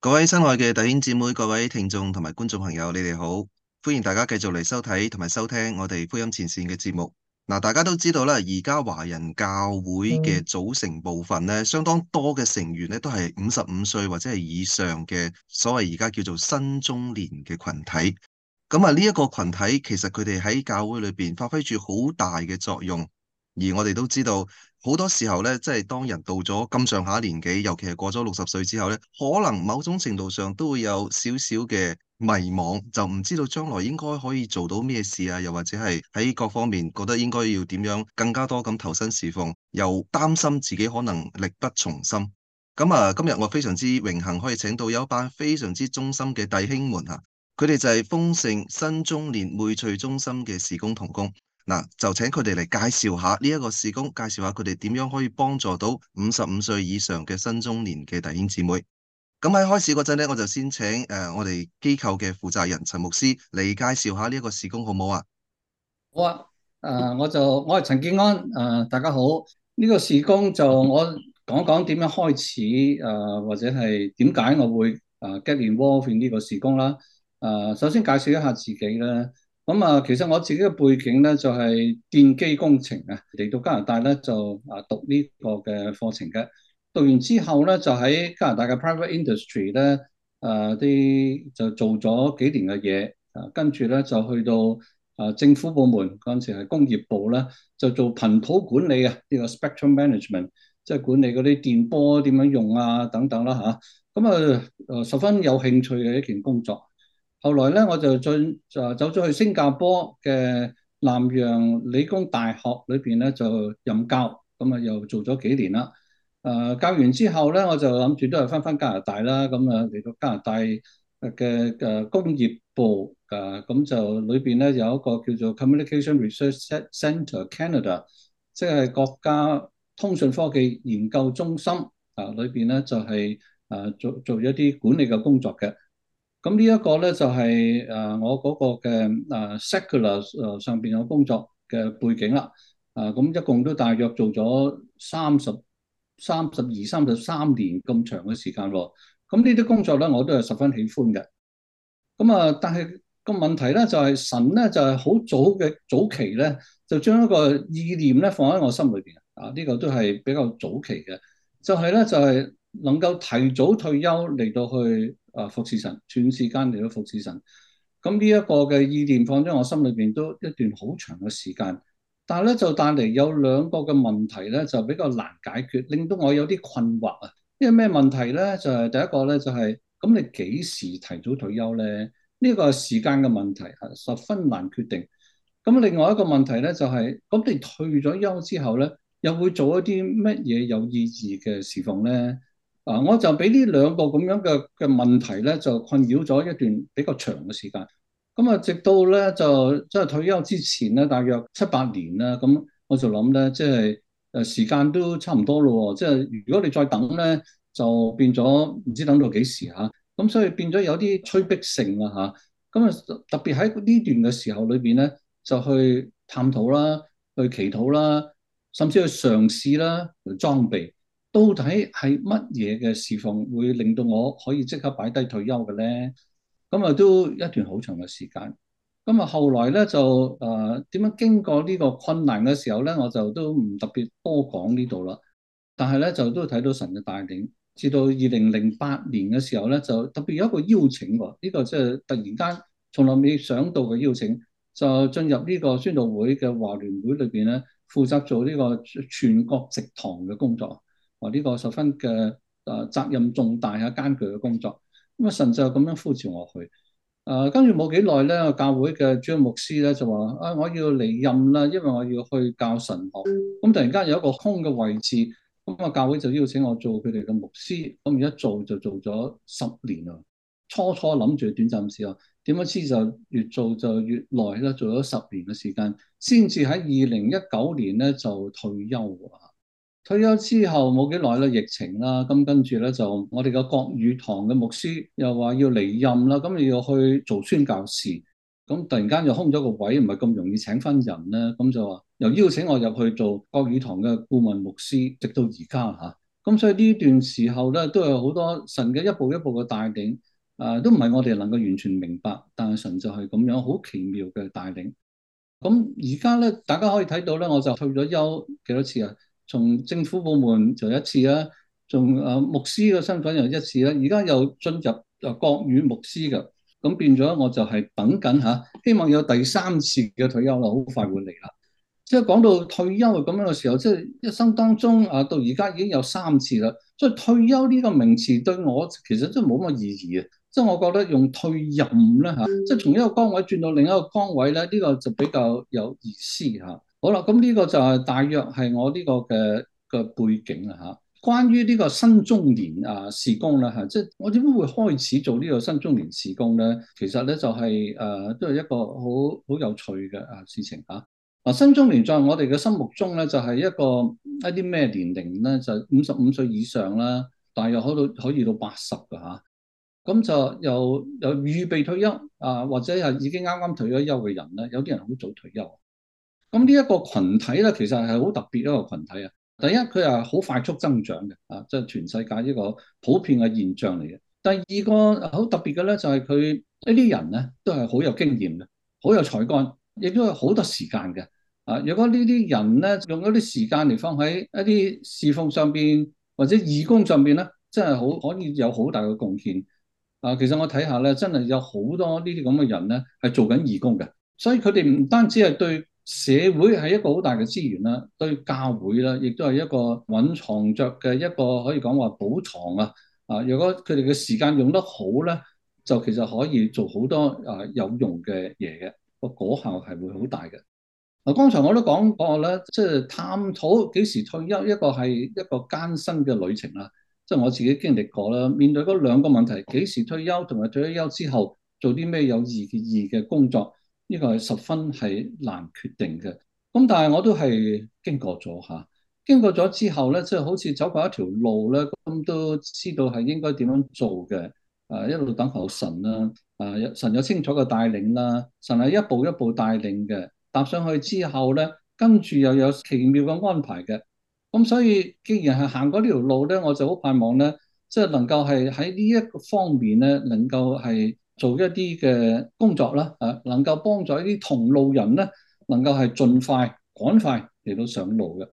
各位親愛嘅弟兄姊妹、各位聽眾同埋觀眾朋友，你哋好！歡迎大家繼續嚟收睇同埋收聽我哋福音前線嘅節目。大家都知道啦，而家華人教會嘅組成部分呢，相當多嘅成員呢，都係五十五歲或者係以上嘅所謂而家叫做新中年嘅群體。咁啊，呢一個群體其實佢哋喺教會裏面發揮住好大嘅作用，而我哋都知道。好多時候呢，即係當人到咗咁上下年紀，尤其係過咗六十歲之後呢，可能某種程度上都會有少少嘅迷惘，就唔知道將來應該可以做到咩事啊，又或者係喺各方面覺得應該要點樣更加多咁投身侍奉，又擔心自己可能力不從心。咁啊，今日我非常之榮幸可以請到有一班非常之忠心嘅弟兄們啊，佢哋就係楓盛新中年匯萃中心嘅事工同工。嗱，就請佢哋嚟介紹下呢一個事工，介紹下佢哋點樣可以幫助到五十五歲以上嘅新中年嘅弟兄姊妹。咁喺開始嗰陣咧，我就先請誒我哋機構嘅負責人陳牧師嚟介紹下呢一個事工好唔好？好啊？好啊，誒，我就我係陳建安，誒、呃，大家好。呢、這個事工就我講講點樣開始，誒、呃，或者係點解我會誒 get involved in 呢個事工啦。誒、呃，首先介紹一下自己咧。咁啊，其實我自己嘅背景咧就係電機工程啊，嚟到加拿大咧就啊讀呢個嘅課程嘅。讀完之後咧就喺加拿大嘅 private industry 咧，誒啲就做咗幾年嘅嘢。啊，跟住咧就去到啊政府部門嗰陣時係工業部啦，就做頻譜管理啊，呢個 spectrum management，即係管理嗰啲電波點樣用啊等等啦吓，咁啊誒十分有興趣嘅一件工作。後來咧，我就進就走咗去新加坡嘅南洋理工大學裏邊咧，就任教。咁啊，又做咗幾年啦。誒、呃，教完之後咧，我就諗住都係翻翻加拿大啦。咁啊，嚟到加拿大嘅誒工業部誒，咁、啊、就裏邊咧有一個叫做 Communication Research Centre Canada，即係國家通訊科技研究中心。啊，裏邊咧就係誒做做咗一啲管理嘅工作嘅。咁呢一、就是、個咧就係誒我嗰個嘅誒 secular 誒上邊嘅工作嘅背景啦。誒、啊、咁一共都大約做咗三十、三十二、三十三年咁長嘅時間喎。咁呢啲工作咧，我都係十分喜歡嘅。咁啊，但係個問題咧就係、是、神咧就係、是、好早嘅早期咧，就將一個意念咧放喺我心裏邊啊。呢、這個都係比較早期嘅，就係、是、咧就係、是、能夠提早退休嚟到去。啊！服侍神，全時間嚟到服侍神，咁、嗯、呢一個嘅意念放咗我心裏邊都一段好長嘅時間，但係咧就帶嚟有兩個嘅問題咧，就比較難解決，令到我有啲困惑啊！因為咩問題咧？就係、是、第一個咧，就係、是、咁、嗯、你幾時提早退休咧？呢、這個時間嘅問題係十分難決定。咁、嗯、另外一個問題咧，就係、是、咁、嗯、你退咗休之後咧，又會做一啲乜嘢有意義嘅侍奉咧？啊！我就俾呢兩個咁樣嘅嘅問題咧，就困擾咗一段比較長嘅時間。咁啊，直到咧就即係退休之前咧，大約七八年啦。咁我就諗咧，即係誒時間都差唔多咯喎。即係如果你再等咧，就變咗唔知等到幾時嚇。咁所以變咗有啲催逼性啊嚇。咁啊，特別喺呢段嘅時候裏邊咧，就去探討啦，去祈禱啦，甚至去嘗試啦，去裝備。到底係乜嘢嘅侍奉會令到我可以即刻擺低退休嘅咧？咁啊，都一段好長嘅時間。咁啊，後來咧就誒點樣經過呢個困難嘅時候咧，我就都唔特別多講呢度啦。但係咧就都睇到神嘅帶領。至到二零零八年嘅時候咧，就特別有一個邀請喎。呢、這個即係突然間從來未想到嘅邀請，就進入呢個宣道會嘅華聯會裏邊咧，負責做呢個全國植堂嘅工作。哦，呢個十分嘅誒、呃、責任重大啊，艱巨嘅工作。咁啊，神就咁樣呼召我去。誒、呃，跟住冇幾耐咧，教會嘅主要牧師咧就話，啊、哎，我要離任啦，因為我要去教神學。咁、嗯、突然間有一個空嘅位置，咁、嗯、啊，教會就邀請我做佢哋嘅牧師。咁、嗯、而一做就做咗十年啦，初初諗住短暫時候，點樣知就越做就越耐啦，做咗十年嘅時間，先至喺二零一九年咧就退休退休之後冇幾耐啦，疫情啦，咁跟住咧就我哋個國語堂嘅牧師又話要離任啦，咁又要去做宣教士，咁突然間又空咗個位，唔係咁容易請翻人咧，咁就話又邀請我入去做國語堂嘅顧問牧師，直到而家嚇。咁所以呢段時候咧，都有好多神嘅一步一步嘅帶領，誒、呃、都唔係我哋能夠完全明白，但係神就係咁樣好奇妙嘅帶領。咁而家咧，大家可以睇到咧，我就退咗休幾多次啊！從政府部門就一次啦，從誒牧師嘅身份又一次啦，而家又進入誒國語牧師嘅。咁變咗我就係等緊嚇，希望有第三次嘅退休啦，好快會嚟啦。即係講到退休咁樣嘅時候，即係一生當中啊，到而家已經有三次啦，所以退休呢個名詞對我其實真係冇乜意義啊。即係我覺得用退任咧嚇，即係從一個崗位轉到另一個崗位咧，呢個就比較有意思嚇。啊。好啦，咁呢個就係大約係我呢個嘅個背景啦吓、啊。關於呢個新中年啊，事工啦吓，即係、就是、我點解會開始做呢個新中年事工咧？其實咧就係、是、誒、啊，都係一個好好有趣嘅啊事情吓。啊，新中年在我哋嘅心目中咧，就係、是、一個一啲咩年齡咧，就五十五歲以上啦，大約可到可以到八十㗎吓。咁、啊、就有有預備退休啊，或者係已經啱啱退咗休嘅人咧，有啲人好早退休。咁呢一個群體咧，其實係好特別一個群體啊！第一，佢係好快速增長嘅，啊，即係全世界呢個普遍嘅現象嚟嘅。第二個好特別嘅咧，就係佢一啲人咧都係好有經驗嘅，好有才幹，亦都係好多時間嘅。啊，如果呢啲人咧用一啲時間嚟放喺一啲侍奉上邊或者義工上邊咧，真係好可以有好大嘅貢獻。啊，其實我睇下咧，真係有好多呢啲咁嘅人咧係做緊義工嘅，所以佢哋唔單止係對社會係一個好大嘅資源啦，對教會啦，亦都係一個隱藏著嘅一個可以講話寶藏啊！啊，如果佢哋嘅時間用得好咧，就其實可以做好多啊有用嘅嘢嘅，個果效係會好大嘅。嗱，剛才我都講過咧，即係探討幾時退休，一個係一個艱辛嘅旅程啦。即係我自己經歷過啦，面對嗰兩個問題：幾時退休，同埋退休之後做啲咩有意義嘅工作。呢個係十分係難決定嘅，咁但係我都係經過咗嚇，經過咗之後咧，即係好似走過一條路咧，咁都知道係應該點樣做嘅。誒一路等候神啦，誒，啊，神有清楚嘅帶領啦，神係一步一步帶領嘅。踏上去之後咧，跟住又有奇妙嘅安排嘅。咁所以既然係行過呢條路咧，我就好盼望咧，即係能夠係喺呢一個方面咧，能夠係，做一啲嘅工作啦，啊，能夠幫助一啲同路人咧，能夠係盡快、趕快嚟到上路嘅。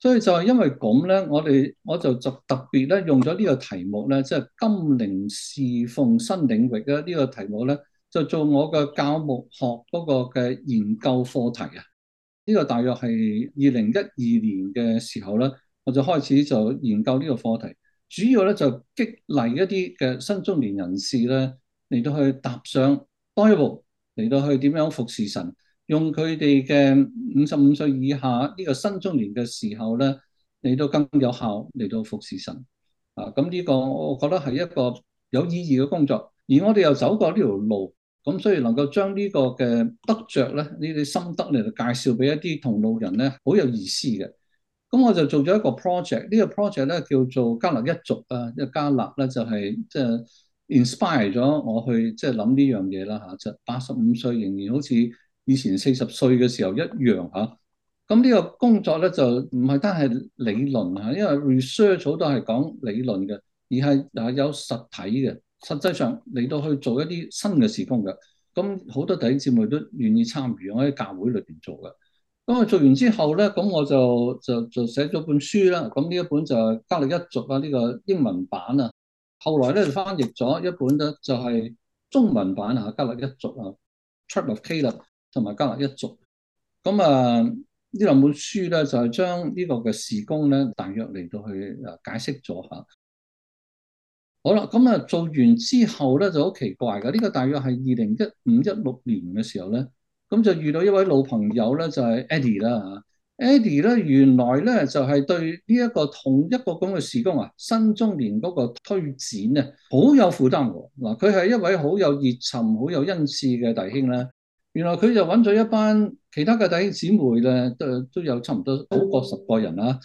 所以就係因為咁咧，我哋我就就特別咧用咗呢個題目咧，即係金齡侍奉新領域咧呢個題目咧，就做我嘅教牧學嗰個嘅研究課題啊。呢個大約係二零一二年嘅時候咧，我就開始就研究呢個課題，主要咧就激勵一啲嘅新中年人士咧。嚟到去踏上多一步，嚟到去點樣服侍神，用佢哋嘅五十五歲以下呢個新中年嘅時候咧，嚟到更有效嚟到服侍神啊！咁呢個我覺得係一個有意義嘅工作，而我哋又走過呢條路，咁所以能夠將呢個嘅得着咧呢啲心得嚟到介紹俾一啲同路人咧，好有意思嘅。咁我就做咗一個 project，pro 呢個 project 咧叫做迦勒一族啊，即係迦勒咧就係即係。就是就是 inspire 咗我去即係諗呢樣嘢啦嚇，就八十五歲仍然好似以前四十歲嘅時候一樣嚇。咁呢個工作咧就唔係單係理論嚇，因為 research 好多係講理論嘅，而係啊有實體嘅。實際上嚟到去做一啲新嘅事工嘅。咁好多弟兄姊妹都願意參與，我喺教會裏邊做嘅。咁我做完之後咧，咁我就就就寫咗本書啦。咁呢一本就是《加力一族》啊，呢、這個英文版啊。後來咧就翻譯咗一本咧，就係、是、中文版啊，《迦勒一族》啊，《出力 K 律》同埋《迦勒一族》。咁啊，呢兩本書咧就係、是、將個呢個嘅事工咧，大約嚟到去啊解釋咗下。好啦，咁啊做完之後咧就好奇怪嘅，呢、這個大約係二零一五一六年嘅時候咧，咁就遇到一位老朋友咧，就係、是、Eddie 啦吓。Eddie 咧，原來咧就係、是、對呢一個同一個咁嘅事工啊，新中年嗰個推展咧，好有負擔喎。嗱，佢係一位好有熱忱、好有恩賜嘅弟兄咧。原來佢就揾咗一班其他嘅弟兄姊妹咧，都都有差唔多好過十個人啦。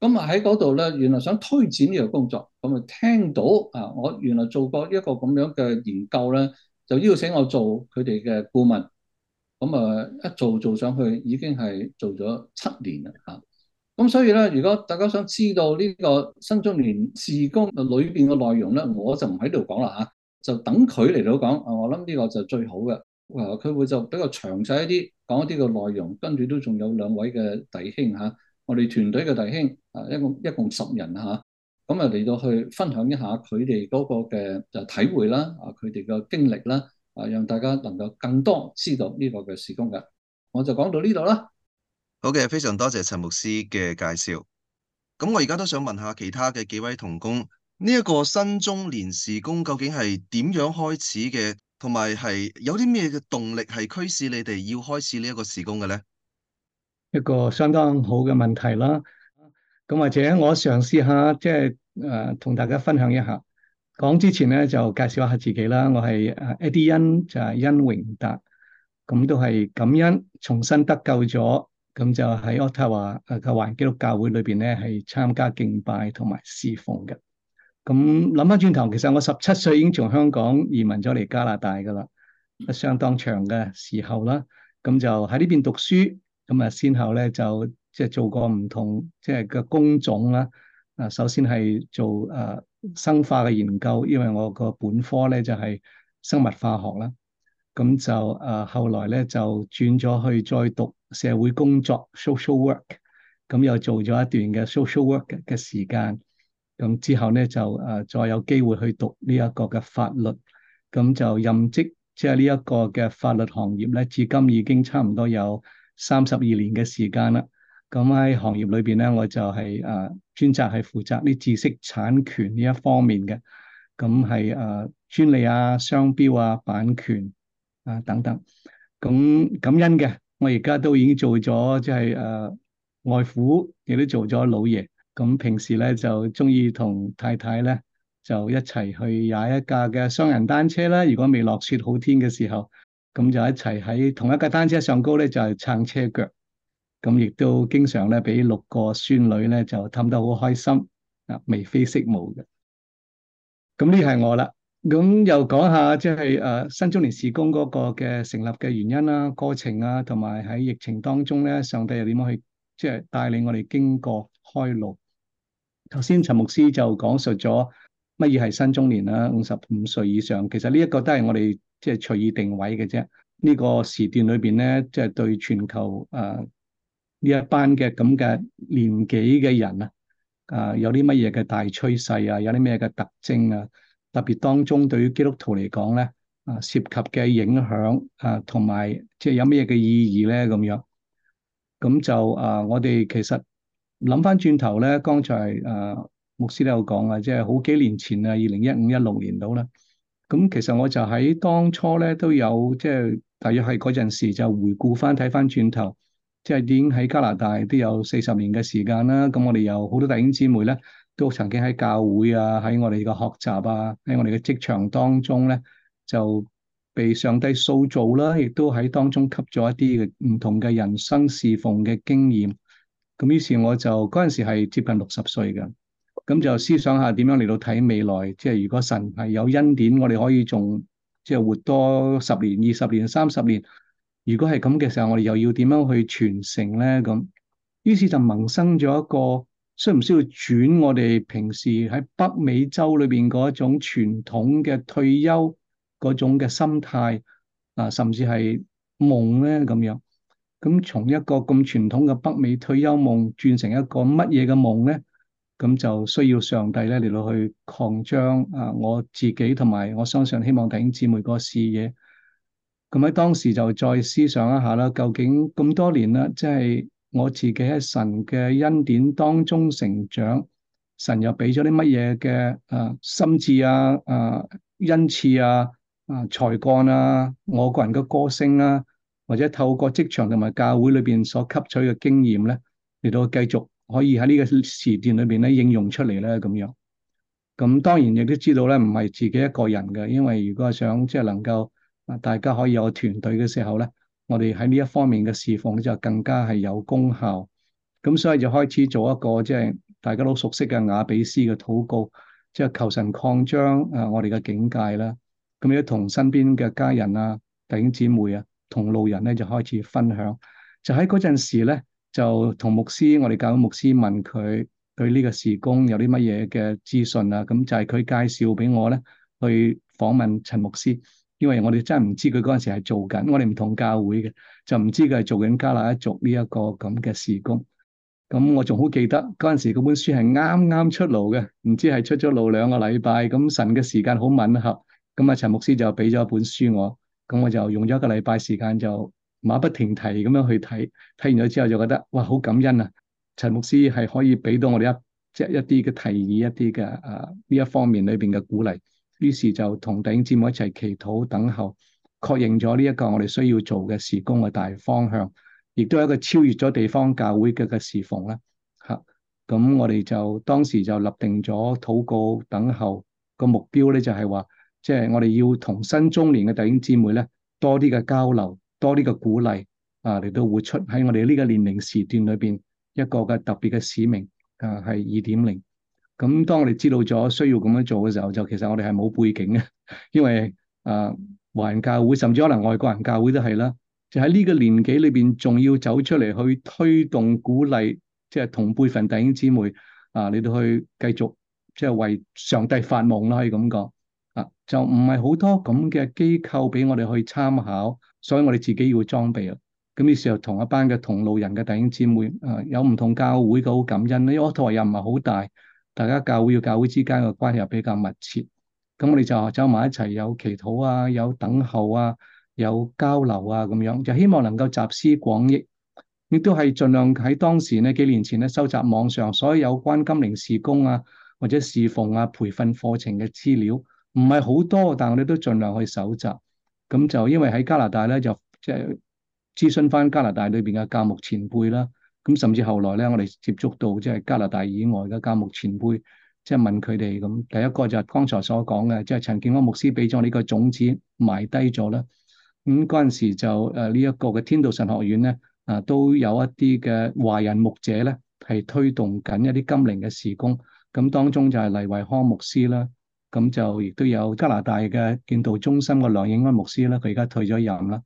咁啊喺嗰度咧，原來想推展呢個工作，咁啊聽到啊，我原來做過一個咁樣嘅研究咧，就邀請我做佢哋嘅顧問。咁啊，一做做上去已經係做咗七年啦嚇。咁所以咧，如果大家想知道呢個新中年事工裏邊嘅內容咧，我就唔喺度講啦嚇，就等佢嚟到講。我諗呢個就最好嘅，佢會就比較詳細一啲講一啲嘅內容，跟住都仲有兩位嘅弟兄嚇，我哋團隊嘅弟兄啊，一共一共十人嚇。咁啊，嚟到去分享一下佢哋嗰個嘅就體會啦，啊佢哋嘅經歷啦。啊，讓大家能夠更多知道呢個嘅事工嘅，我就講到呢度啦。好嘅，非常多謝陳牧師嘅介紹。咁我而家都想問下其他嘅幾位同工，呢一個新中年事工究竟係點樣開始嘅，同埋係有啲咩嘅動力係驅使你哋要開始呢一個事工嘅咧？一個相當好嘅問題啦。咁或者我嘗試下即係誒同大家分享一下。講之前咧就介紹一下自己啦，我係誒 Edwin 就係恩榮達，咁都係感恩重新得救咗，咁就喺渥太華誒個華人基督教會裏邊咧係參加敬拜同埋侍奉嘅。咁諗翻轉頭，其實我十七歲已經從香港移民咗嚟加拿大噶啦，相當長嘅時候啦。咁就喺呢邊讀書，咁啊先後咧就即係做過唔同即係嘅工種啦。啊，首先係做誒。生化嘅研究，因為我個本科咧就係、是、生物化學啦，咁就誒、呃、後來咧就轉咗去再讀社會工作 social work，咁又做咗一段嘅 social work 嘅時間，咁之後咧就誒、呃、再有機會去讀呢一個嘅法律，咁就任職即係呢一個嘅法律行業咧，至今已經差唔多有三十二年嘅時間啦。咁喺行業裏邊咧，我就係、是、誒、啊、專責係負責啲知識產權呢一方面嘅，咁係誒專利啊、商標啊、版權啊等等。咁感恩嘅，我而家都已經做咗即係誒外父，亦都做咗老爺。咁平時咧就中意同太太咧就一齊去踩一架嘅雙人單車啦。如果未落雪好天嘅時候，咁就一齊喺同一架單車上高咧就係、是、撐車腳。咁亦都經常咧，俾六個孫女咧就氹得好開心，啊眉飛色舞嘅。咁呢係我啦。咁又講下即係誒新中年事工嗰個嘅成立嘅原因啦、過程啊，同埋喺疫情當中咧，上帝又點樣去即係帶領我哋經過開路。頭先陳牧師就講述咗乜嘢係新中年啦，五十五歲以上。其實呢一個都係我哋即係隨意定位嘅啫。呢個時段裏邊咧，即係對全球誒。呃呢一班嘅咁嘅年紀嘅人啊，啊有啲乜嘢嘅大趨勢啊，有啲咩嘅特徵啊？特別當中對於基督徒嚟講咧，啊涉及嘅影響啊，同埋即係有咩嘅意義咧？咁樣咁就啊，我哋其實諗翻轉頭咧，剛才啊牧師都有講啊，即係好幾年前啊，二零一五一六年度啦。咁其實我就喺當初咧都有即係，就是、大約係嗰陣時就回顧翻睇翻轉頭。即係已經喺加拿大都有四十年嘅時間啦，咁我哋有好多弟兄姊妹咧，都曾經喺教會啊，喺我哋嘅學習啊，喺我哋嘅職場當中咧，就被上帝塑造啦，亦都喺當中吸咗一啲嘅唔同嘅人生侍奉嘅經驗。咁於是我就嗰陣時係接近六十歲嘅，咁就思想下點樣嚟到睇未來，即係如果神係有恩典，我哋可以仲即係活多十年、二十年、三十年。如果係咁嘅時候，我哋又要點樣去傳承咧？咁，於是就萌生咗一個，需唔需要轉我哋平時喺北美洲裏邊嗰一種傳統嘅退休嗰種嘅心態啊，甚至係夢咧咁樣。咁從一個咁傳統嘅北美退休夢，轉成一個乜嘢嘅夢咧？咁就需要上帝咧嚟到去擴張啊，我自己同埋我相信希望弟兄姊妹個視野。咁喺當時就再思想一下啦，究竟咁多年啦，即係我自己喺神嘅恩典當中成長，神又俾咗啲乜嘢嘅啊心智啊，啊恩賜啊，啊才幹啊，我個人嘅歌聲啊，或者透過職場同埋教會裏邊所吸取嘅經驗咧，嚟到繼續可以喺呢個時段裏邊咧應用出嚟咧咁樣。咁當然亦都知道咧，唔係自己一個人嘅，因為如果想即係能夠。啊！大家可以有團隊嘅時候咧，我哋喺呢一方面嘅侍奉咧就更加係有功效。咁所以就開始做一個即係大家都熟悉嘅雅比斯嘅禱告，即係求神擴張啊！我哋嘅境界啦，咁亦都同身邊嘅家人啊、弟兄姊妹啊、同路人咧就開始分享。就喺嗰陣時咧，就同牧師，我哋教會牧師問佢對呢個事工有啲乜嘢嘅資訊啊？咁就係佢介紹俾我咧去訪問陳牧師。因為我哋真係唔知佢嗰陣時係做緊，我哋唔同教會嘅，就唔知佢係做緊迦勒一族呢一個咁嘅事工。咁我仲好記得嗰陣時嗰本書係啱啱出爐嘅，唔知係出咗爐兩個禮拜。咁神嘅時間好吻合。咁啊，陳牧師就俾咗一本書我，咁我就用咗一個禮拜時間就馬不停蹄咁樣去睇。睇完咗之後就覺得哇，好感恩啊！陳牧師係可以俾到我哋一即係一啲嘅提議，一啲嘅啊，呢一方面裏邊嘅鼓勵。於是就同弟兄姊妹一齊祈禱等候，確認咗呢一個我哋需要做嘅事工嘅大方向，亦都係一個超越咗地方教會嘅嘅侍奉咧。嚇，咁我哋就當時就立定咗禱告等候個目標咧，就係話，即係我哋要同新中年嘅弟兄姊妹咧多啲嘅交流，多啲嘅鼓勵啊，嚟到活出喺我哋呢個年齡時段裏邊一個嘅特別嘅使命啊，係二點零。咁當我哋知道咗需要咁樣做嘅時候，就其實我哋係冇背景嘅， 因為啊、呃、華人教會甚至可能外國人教會都係啦，就喺呢個年紀裏邊，仲要走出嚟去推動、鼓勵，即係同輩份弟兄姊妹啊，你哋去繼續即係為上帝發夢啦，可以咁講啊，就唔係好多咁嘅機構俾我哋去參考，所以我哋自己要裝備啊。咁呢時候同一班嘅同路人嘅弟兄姊妹啊，有唔同教會嘅好感恩啦，因為我台又唔係好大。大家教會與教會之間嘅關係又比較密切，咁我哋就走埋一齊，有祈禱啊，有等候啊，有交流啊，咁樣就希望能夠集思廣益。亦都係盡量喺當時呢幾年前咧，收集網上所有有關金齡事工啊或者侍奉啊培訓課程嘅資料，唔係好多，但係我哋都盡量去搜集。咁就因為喺加拿大咧，就即係諮詢翻加拿大裏邊嘅教牧前輩啦。咁甚至後來咧，我哋接觸到即係加拿大以外嘅教牧前輩，即係問佢哋咁。第一個就係剛才所講嘅，即係陳建安牧師俾咗呢個種子埋低咗啦。咁嗰陣時就誒呢一個嘅天道神學院咧，啊都有一啲嘅華人牧者咧，係推動緊一啲金齡嘅事工。咁當中就係黎維康牧師啦，咁就亦都有加拿大嘅建道中心嘅梁應安牧師啦，佢而家退咗任啦。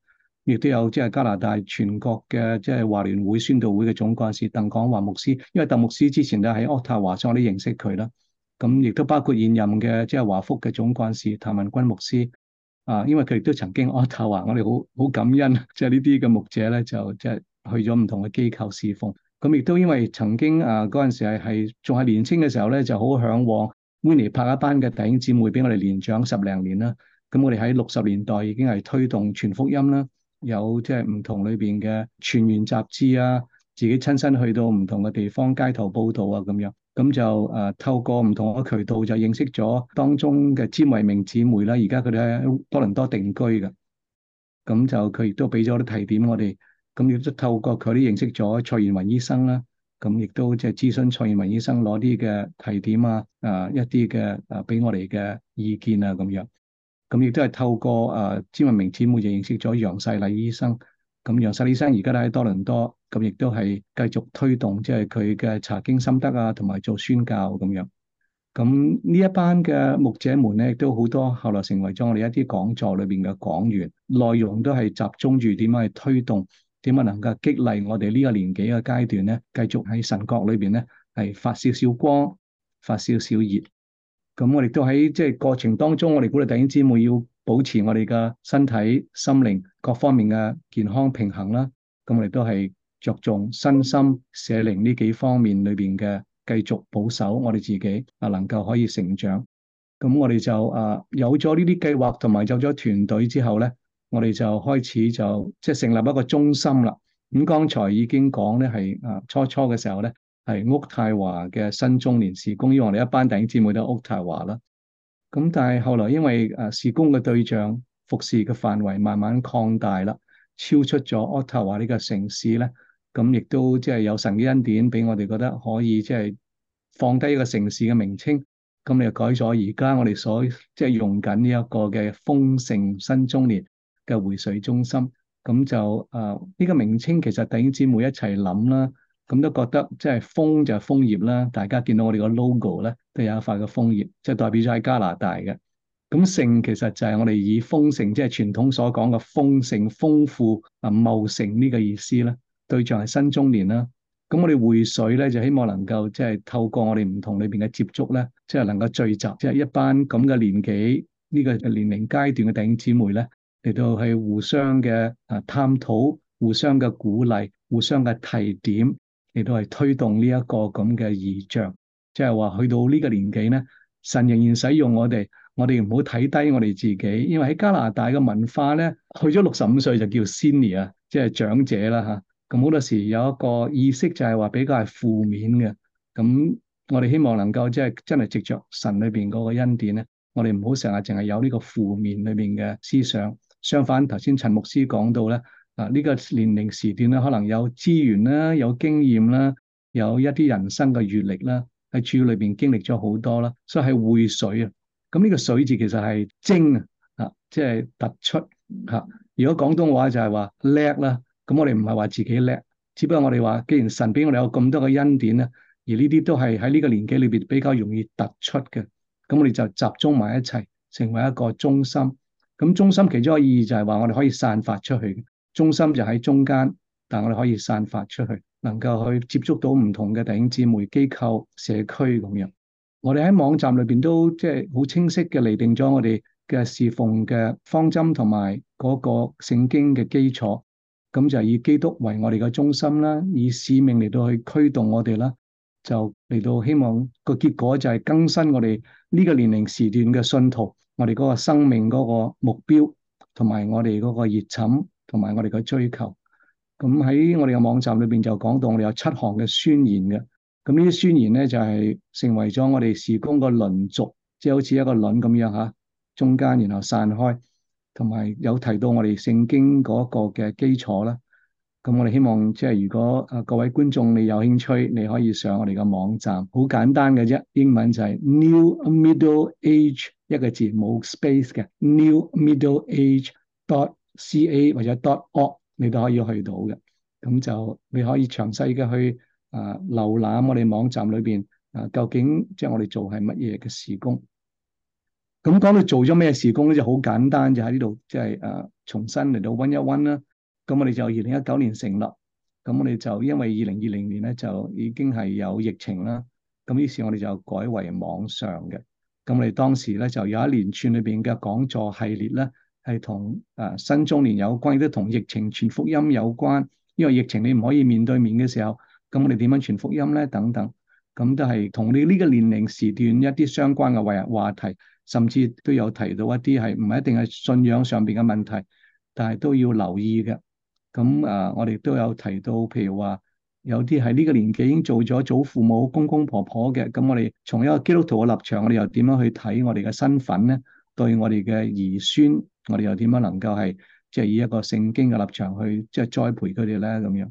亦都有即係加拿大全國嘅即係華聯會宣道會嘅總幹事鄧講華牧師，因為鄧牧師之前咧喺渥太華，上我哋認識佢啦。咁亦都包括現任嘅即係華福嘅總幹事譚文君牧師啊，因為佢亦都曾經渥太華我，我哋好好感恩，即係呢啲嘅牧者咧就即係去咗唔同嘅機構侍奉。咁亦都因為曾經啊嗰陣時係仲係年青嘅時候咧，就好向往 Winnie 拍一班嘅弟兄姊妹俾我哋年長十零年啦。咁我哋喺六十年代已經係推動全福音啦。有即係唔同裏邊嘅全員集資啊，自己親身去到唔同嘅地方街頭報道啊，咁樣咁就誒、呃、透過唔同嘅渠道就認識咗當中嘅詹慧明姊妹啦、啊。而家佢哋喺多倫多定居嘅，咁就佢亦都俾咗啲提點我哋。咁亦都透過佢啲認識咗蔡綺文醫生啦、啊，咁亦都即係諮詢蔡綺文醫生攞啲嘅提點啊，誒、呃、一啲嘅誒俾我哋嘅意見啊，咁樣。咁亦都係透過誒、呃、知名節目們認識咗楊世禮醫生，咁楊世禮醫生而家咧喺多倫多，咁亦都係繼續推動即係佢嘅查經心得啊，同埋做宣教咁樣。咁呢一班嘅牧者們咧，亦都好多後來成為咗我哋一啲講座裏邊嘅講員，內容都係集中住點樣去推動，點樣能夠激勵我哋呢個年紀嘅階段咧，繼續喺神國裏邊咧係發少少光，發少少熱。咁我哋都喺即係過程當中，我哋鼓勵弟兄姊妹要保持我哋嘅身體、心靈各方面嘅健康平衡啦。咁我哋都係着重身心、社靈呢幾方面裏邊嘅繼續保守我哋自己啊，能夠可以成長。咁我哋就啊有咗呢啲計劃同埋有咗團隊之後咧，我哋就開始就即係、就是、成立一個中心啦。咁剛才已經講咧係啊初初嘅時候咧，係渥太華嘅新中年事工，因為我哋一班弟兄姊妹都喺渥太華啦。咁但係後來因為誒事工嘅對象、服侍嘅範圍慢慢擴大啦，超出咗渥太華呢個城市咧，咁亦都即係有神嘅恩典俾我哋覺得可以即係放低呢個城市嘅名稱，咁你又改咗而家我哋所即係用緊呢一個嘅楓盛新中年嘅匯萃中心，咁就誒呢個名稱其實弟兄姊妹一齊諗啦。咁都覺得即係楓就係楓葉啦，大家見到我哋個 logo 咧，都有一塊嘅楓葉，即係代表咗喺加拿大嘅。咁盛其實就係我哋以豐盛，即係傳統所講嘅豐盛、豐富啊，茂盛呢個意思啦。對象係新中年啦。咁我哋匯萃咧，就希望能夠即係透過我哋唔同裏邊嘅接觸咧，即係能夠聚集，即係一班咁嘅年紀呢個年齡階段嘅弟兄姊妹咧，嚟到去互相嘅啊探討、互相嘅鼓勵、互相嘅提點。亦都係推動呢一個咁嘅異象，即係話去到呢個年紀咧，神仍然使用我哋，我哋唔好睇低我哋自己。因為喺加拿大嘅文化咧，去咗六十五歲就叫 senior，即係長者啦嚇。咁、啊、好多時有一個意識就係話比較係負面嘅。咁我哋希望能夠即係真係藉着神裏邊嗰個恩典咧，我哋唔好成日淨係有呢個負面裏邊嘅思想。相反，頭先陳牧師講到咧。啊！呢個年齡時段咧，可能有資源啦，有經驗啦，有一啲人生嘅閲歷啦，喺處裏邊經歷咗好多啦，所以係匯萃啊。咁呢個萃字其實係精啊，嚇，即係突出嚇。如果廣東話就係話叻啦。咁我哋唔係話自己叻，只不過我哋話，既然神俾我哋有咁多嘅恩典咧，而呢啲都係喺呢個年紀裏邊比較容易突出嘅，咁我哋就集中埋一齊，成為一個中心。咁中心其中嘅意義就係話，我哋可以散發出去。中心就喺中間，但我哋可以散發出去，能夠去接觸到唔同嘅弟兄姊妹、機構、社區咁樣。我哋喺網站裏邊都即係好清晰嘅釐定咗我哋嘅侍奉嘅方針同埋嗰個聖經嘅基礎。咁就以基督為我哋嘅中心啦，以使命嚟到去驅動我哋啦，就嚟到希望個結果就係更新我哋呢個年齡時段嘅信徒，我哋嗰個生命嗰個目標同埋我哋嗰個熱忱。同埋我哋嘅追求，咁喺我哋嘅網站裏邊就講到我哋有七項嘅宣言嘅，咁呢啲宣言咧就係、是、成為咗我哋事工嘅輪軸，即、就、係、是、好似一個輪咁樣嚇，中間然後散開，同埋有，有提到我哋聖經嗰個嘅基礎啦。咁我哋希望即係如果啊各位觀眾你有興趣，你可以上我哋嘅網站，好簡單嘅啫，英文就係 New Middle Age 一個字冇 space 嘅 New Middle Age dot。C A 或者 dot org，你都可以去到嘅，咁就你可以詳細嘅去啊瀏覽我哋網站裏邊啊究竟即係我哋做係乜嘢嘅事工。咁講到做咗咩事工咧，就好簡單，就喺呢度即係啊重新嚟到温一温啦。咁我哋就二零一九年成立，咁我哋就因為二零二零年咧就已經係有疫情啦，咁於是，我哋就改為網上嘅。咁我哋當時咧就有一連串裏邊嘅講座系列咧。係同啊新中年有關，亦都同疫情傳福音有關。因為疫情你唔可以面對面嘅時候，咁我哋點樣傳福音咧？等等，咁都係同你呢個年齡時段一啲相關嘅話題，甚至都有提到一啲係唔係一定係信仰上邊嘅問題，但係都要留意嘅。咁啊，我哋都有提到，譬如話有啲喺呢個年紀已經做咗祖父母、公公婆婆嘅，咁我哋從一個基督徒嘅立場，我哋又點樣去睇我哋嘅身份咧？對我哋嘅兒孫。我哋又點樣能夠係即係以一個聖經嘅立場去即係栽培佢哋咧咁樣？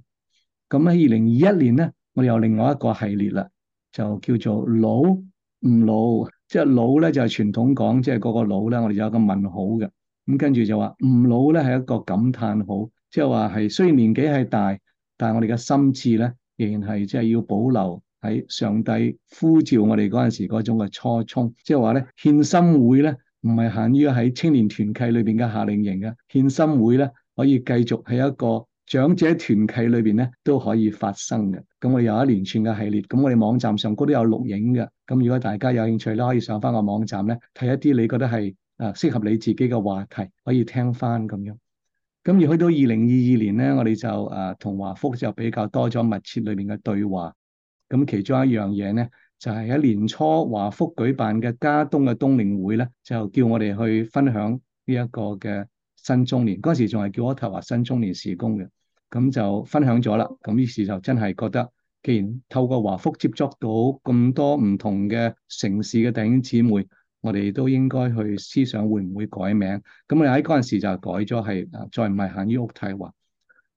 咁喺二零二一年咧，我哋有另外一個系列啦，就叫做老唔老。即係老咧就係傳統講，即係嗰個老咧，我哋有一個問號嘅。咁跟住就話唔老咧係一個感嘆號，即係話係雖然年紀係大，但係我哋嘅心智咧仍然係即係要保留喺上帝呼召我哋嗰陣時嗰種嘅初衷。即係話咧，獻心會咧。唔係限於喺青年團契裏邊嘅夏令營嘅獻心會咧，可以繼續喺一個長者團契裏邊咧都可以發生嘅。咁我有一連串嘅系列，咁我哋網站上高都有錄影嘅。咁如果大家有興趣咧，可以上翻個網站咧睇一啲你覺得係啊適合你自己嘅話題，可以聽翻咁樣。咁而去到二零二二年咧，我哋就誒同、啊、華福就比較多咗密切裏面嘅對話。咁其中一樣嘢咧。就係喺年初華福舉辦嘅加東嘅冬令會咧，就叫我哋去分享呢一個嘅新中年。嗰陣時仲係叫渥太華新中年事工嘅，咁就分享咗啦。咁於是就真係覺得，既然透過華福接觸到咁多唔同嘅城市嘅弟兄姊妹，我哋都應該去思想會唔會改名。咁我哋喺嗰陣時就改咗係再唔係限於渥太華。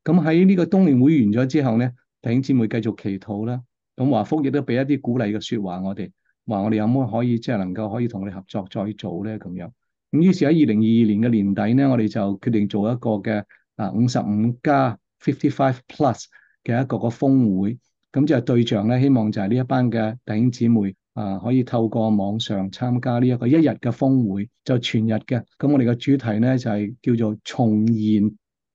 咁喺呢個冬令會完咗之後咧，弟兄姊妹繼續祈禱啦。咁華福亦都俾一啲鼓勵嘅説話，我哋話我哋有冇可以即係、就是、能夠可以同我哋合作再做咧咁樣。咁於是喺二零二二年嘅年底咧，我哋就決定做一個嘅啊五十五加 fifty five plus 嘅一個個峰會，咁就對象咧希望就係呢一班嘅弟兄姊妹啊，可以透過網上參加呢一個一日嘅峰會，就全日嘅。咁我哋嘅主題咧就係叫做重燃、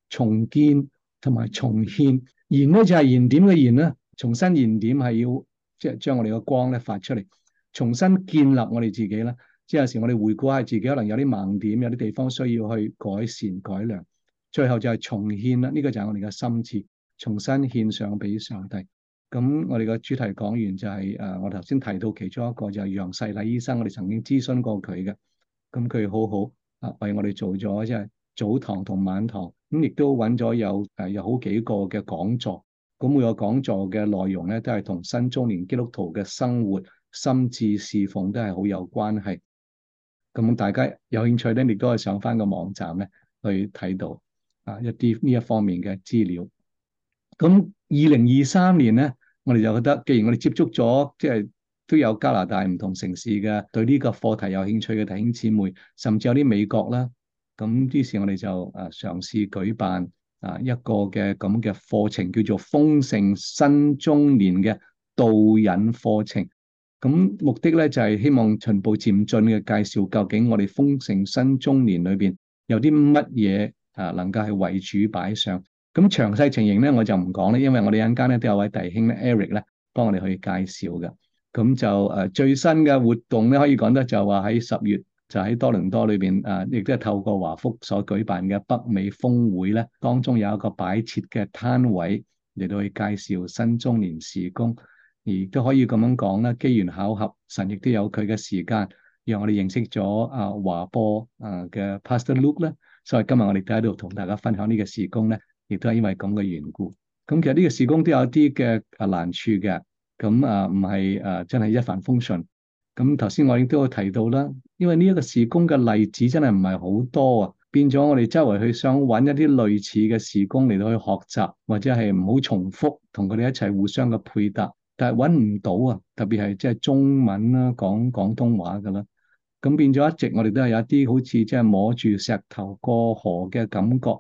重建同埋重獻。燃呢，就係、是、燃、就是、點嘅燃啦。重新燃點，係要即係將我哋個光咧發出嚟，重新建立我哋自己啦。即係有時我哋回顧下自己，可能有啲盲點，有啲地方需要去改善改良。最後就係重獻啦，呢個就係我哋嘅心志，重新獻上俾上帝。咁我哋嘅主題講完就係誒，我頭先提到其中一個就係楊世禮醫生，我哋曾經諮詢過佢嘅，咁佢好好啊，為我哋做咗即係早堂同晚堂，咁亦都搵咗有誒有好幾個嘅講座。咁每個講座嘅內容咧，都係同新中年基督徒嘅生活、心智、侍奉都係好有關係。咁大家有興趣咧，亦都係上翻個網站咧，去睇到啊一啲呢一方面嘅資料。咁二零二三年咧，我哋就覺得，既然我哋接觸咗，即係都有加拿大唔同城市嘅對呢個課題有興趣嘅弟兄姊妹，甚至有啲美國啦。咁於是，我哋就誒嘗試舉辦。啊，一個嘅咁嘅課程叫做楓盛新中年嘅導引課程，咁目的咧就係、是、希望循步漸進嘅介紹，究竟我哋楓盛新中年裏邊有啲乜嘢啊，能夠係為主擺上。咁詳細情形咧，我就唔講啦，因為我哋陣間咧都有位弟兄咧 Eric 咧幫我哋去介紹嘅。咁就誒最新嘅活動咧，可以講得就話喺十月。就喺多倫多裏邊，誒、呃、亦都係透過華福所舉辦嘅北美峰會咧，當中有一個擺設嘅攤位嚟到去介紹新中年事工，而都可以咁樣講啦，機緣巧合，神亦都有佢嘅時間，讓我哋認識咗阿、呃、華波誒嘅、呃、Pastor Luke 咧。所以今日我哋都喺度同大家分享呢個事工咧，亦都係因為咁嘅緣故。咁其實呢個事工都有啲嘅難處嘅，咁啊唔係誒真係一帆風順。咁頭先我亦都有提到啦，因為呢一個事工嘅例子真係唔係好多啊，變咗我哋周圍去想搵一啲類似嘅事工嚟到去學習，或者係唔好重複同佢哋一齊互相嘅配搭，但係搵唔到啊！特別係即係中文啦，講廣東話㗎啦，咁變咗一直我哋都係有一啲好似即係摸住石頭過河嘅感覺，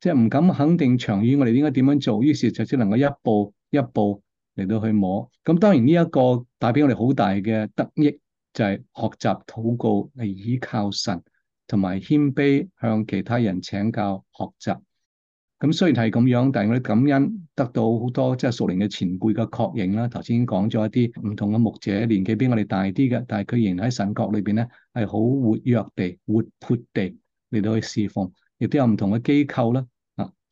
即係唔敢肯定長遠我哋應該點樣做，於是就只能夠一步一步。嚟到去摸，咁當然呢一個帶俾我哋好大嘅得益就，就係學習禱告，嚟倚靠神，同埋謙卑向其他人請教學習。咁雖然係咁樣，但係我哋感恩得到好多即係、就是、熟齡嘅前輩嘅確認啦。頭先講咗一啲唔同嘅牧者，年紀比我哋大啲嘅，但係佢仍喺神國裏邊咧係好活躍地、活潑地嚟到去侍奉，亦都有唔同嘅機構啦。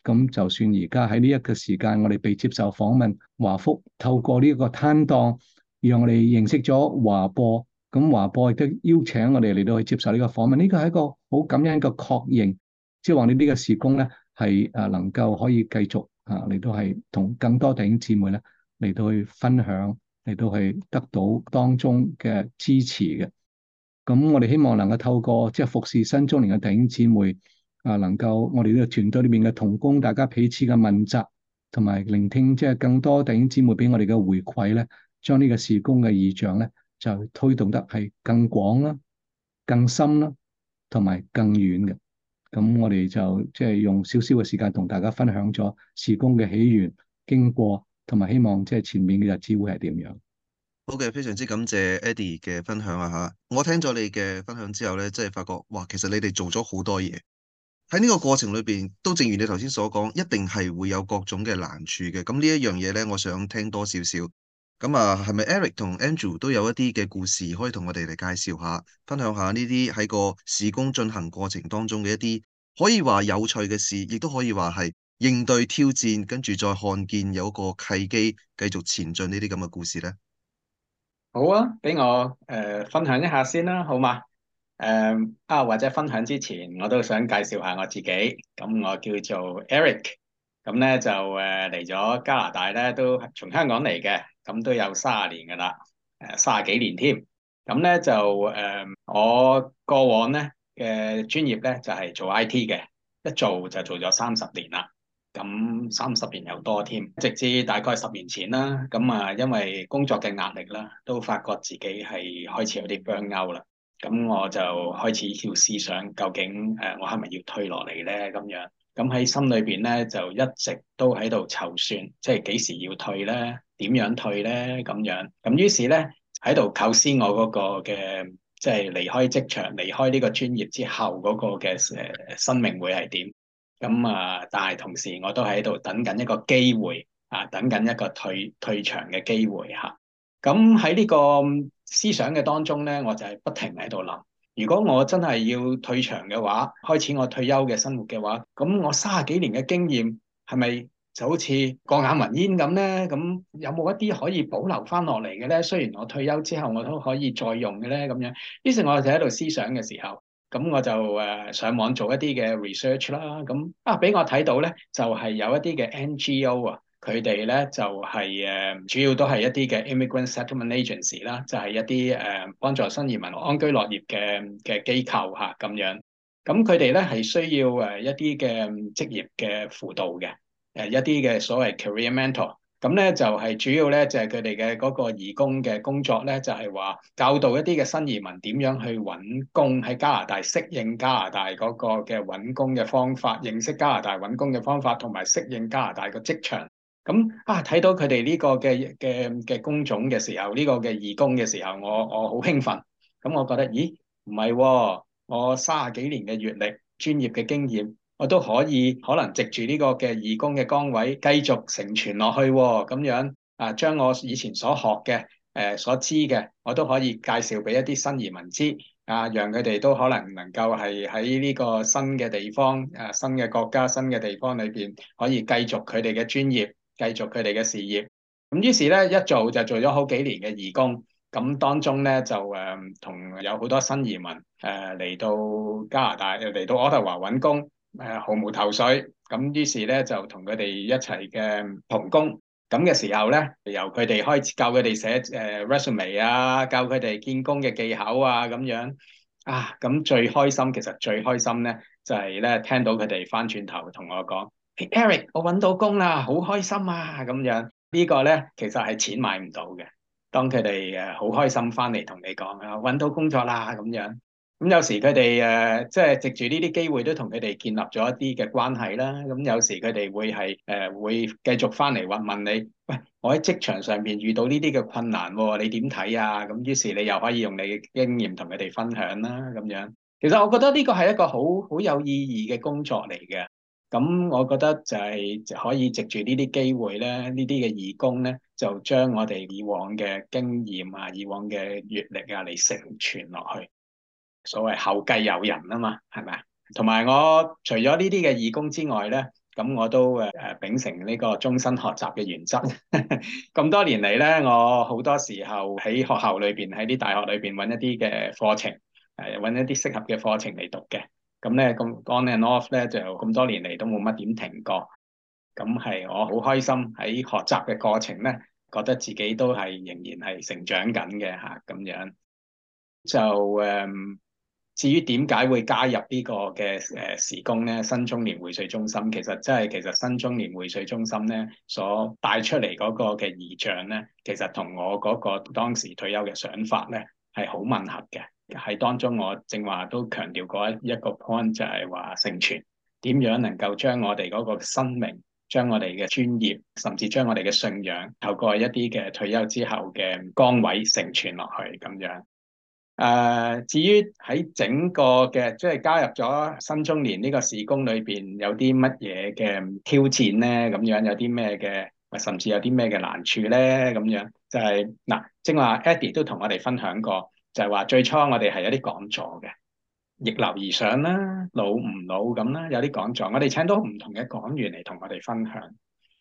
咁就算而家喺呢一個時間，我哋被接受訪問華，華福透過呢個攤檔，讓我哋認識咗華播。咁華播亦都邀請我哋嚟到去接受呢個訪問。呢個係一個好感恩嘅確認，即係話你呢個事工咧係誒能夠可以繼續啊嚟到係同更多弟兄姊妹咧嚟到去分享，嚟到去得到當中嘅支持嘅。咁我哋希望能夠透過即係、就是、服侍新中年嘅弟兄姊妹。啊！能夠我哋呢個團隊裏面嘅同工，大家彼此嘅問責同埋聆聽，即係更多弟兄姊妹俾我哋嘅回饋咧，將呢個事工嘅意象咧就推動得係更廣啦、更深啦，同埋更遠嘅。咁我哋就即係用少少嘅時間同大家分享咗事工嘅起源、經過，同埋希望即係前面嘅日子會係點樣？好嘅，非常之感謝 Eddie 嘅分享啊！嚇，我聽咗你嘅分享之後咧，即係發覺哇，其實你哋做咗好多嘢。喺呢個過程裏面，都正如你頭先所講，一定係會有各種嘅難處嘅。咁呢一樣嘢咧，我想聽多少少。咁啊，係咪 Eric 同 Andrew 都有一啲嘅故事，可以同我哋嚟介紹下，分享下呢啲喺個事工進行過程當中嘅一啲可以話有趣嘅事，亦都可以話係應對挑戰，跟住再看見有一個契機繼續前進呢啲咁嘅故事呢？好啊，俾我、呃、分享一下先啦，好嗎？誒，um, 啊或者分享之前，我都想介紹下我自己。咁我叫做 Eric，咁咧就誒嚟咗加拿大咧，都從香港嚟嘅，咁都有三十年噶啦，誒三十幾年添。咁咧就誒、啊，我過往咧嘅、呃、專業咧就係、是、做 IT 嘅，一做就做咗三十年啦。咁三十年又多添，直至大概十年前啦，咁啊因為工作嘅壓力啦，都發覺自己係開始有啲 burn out 啦。咁我就開始要思想，究竟誒我係咪要退落嚟咧？咁樣，咁喺心裏邊咧就一直都喺度籌算，即係幾時要退咧？點樣退咧？咁樣，咁於是咧喺度構思我嗰個嘅，即係離開職場、離開呢個專業之後嗰個嘅誒生命會係點？咁啊，但係同時我都喺度等緊一個機會啊，等緊一個退退場嘅機會嚇。咁喺呢個思想嘅當中咧，我就係不停喺度諗。如果我真係要退場嘅話，開始我退休嘅生活嘅話，咁我卅幾年嘅經驗係咪就好似過眼雲煙咁咧？咁有冇一啲可以保留返落嚟嘅咧？雖然我退休之後我都可以再用嘅咧咁樣。於是我就喺度思想嘅時候，咁我就誒、呃、上網做一啲嘅 research 啦。咁啊，俾我睇到咧，就係、是、有一啲嘅 NGO 啊。佢哋咧就係誒主要都係一啲嘅 immigrant settlement agency 啦，就係一啲誒幫助新移民安居樂業嘅嘅機構嚇咁樣。咁佢哋咧係需要誒一啲嘅職業嘅輔導嘅誒一啲嘅所謂 career mentor。咁咧就係主要咧就係佢哋嘅嗰個義工嘅工作咧，就係話教導一啲嘅新移民點樣去揾工喺加拿大適應加拿大嗰個嘅揾工嘅方法，認識加拿大揾工嘅方法，同埋適應加拿大個職場。咁、嗯、啊，睇到佢哋呢個嘅嘅嘅工種嘅時候，呢、這個嘅義工嘅時候，我我好興奮。咁、嗯、我覺得，咦，唔係喎，我三十幾年嘅閲歷、專業嘅經驗，我都可以可能藉住呢個嘅義工嘅崗位繼續成傳落去喎、哦。咁樣啊，將我以前所學嘅、誒、啊、所知嘅，我都可以介紹俾一啲新移民知啊，讓佢哋都可能能夠係喺呢個新嘅地方、誒、啊、新嘅國家、新嘅地方裏邊可以繼續佢哋嘅專業。繼續佢哋嘅事業，咁於是咧一做就做咗好幾年嘅義工，咁當中咧就誒同、嗯、有好多新移民誒嚟、呃、到加拿大，又、呃、嚟到渥太華揾工，誒、呃、毫無頭緒，咁於是咧就同佢哋一齊嘅、嗯、同工，咁嘅時候咧由佢哋開始教佢哋寫誒 resume 啊，教佢哋見工嘅技巧啊咁樣，啊咁最開心其實最開心咧就係、是、咧聽到佢哋翻轉頭同我講。Hey、Eric，我揾到工啦，好開心啊！咁樣、這個、呢個咧，其實係錢買唔到嘅。當佢哋誒好開心翻嚟同你講，我、啊、揾到工作啦咁樣。咁有時佢哋誒即係藉住呢啲機會，都同佢哋建立咗一啲嘅關係啦。咁有時佢哋會係誒、呃、會繼續翻嚟問問你，喂，我喺職場上面遇到呢啲嘅困難、啊，你點睇啊？咁於是你又可以用你嘅經驗同佢哋分享啦。咁樣，樣，其實我覺得呢個係一個好好有意義嘅工作嚟嘅。咁我覺得就係可以藉住呢啲機會咧，呢啲嘅義工咧，就將我哋以往嘅經驗啊、以往嘅閲歷啊嚟承傳落去，所謂後繼有人啊嘛，係咪啊？同埋我除咗呢啲嘅義工之外咧，咁我都誒誒秉承呢個終身學習嘅原則。咁 多年嚟咧，我好多時候喺學校裏邊、喺啲大學裏邊揾一啲嘅課程，誒揾一啲適合嘅課程嚟讀嘅。咁咧，咁 on and off 咧，就咁多年嚟都冇乜點停過。咁係我好開心喺學習嘅過程咧，覺得自己都係仍然係成長緊嘅嚇，咁、啊、樣就誒、嗯。至於點解會加入呢個嘅誒事工咧？新中年會稅中心，新中年匯萃中心，其實即係，其實新中年匯萃中心咧，所帶出嚟嗰個嘅異象咧，其實同我嗰個當時退休嘅想法咧係好吻合嘅。喺當中，我正話都強調過一一個 point，就係話成全點樣能夠將我哋嗰個生命、將我哋嘅專業，甚至將我哋嘅信仰，透過一啲嘅退休之後嘅崗位成全落去咁樣。誒、呃，至於喺整個嘅即係加入咗新中年呢個事工裏邊，有啲乜嘢嘅挑戰咧？咁樣有啲咩嘅，甚至有啲咩嘅難處咧？咁樣就係、是、嗱，正話 Eddie 都同我哋分享過。就係話最初我哋係有啲講座嘅，逆流而上啦，老唔老咁啦，有啲講座，我哋請到唔同嘅講員嚟同我哋分享。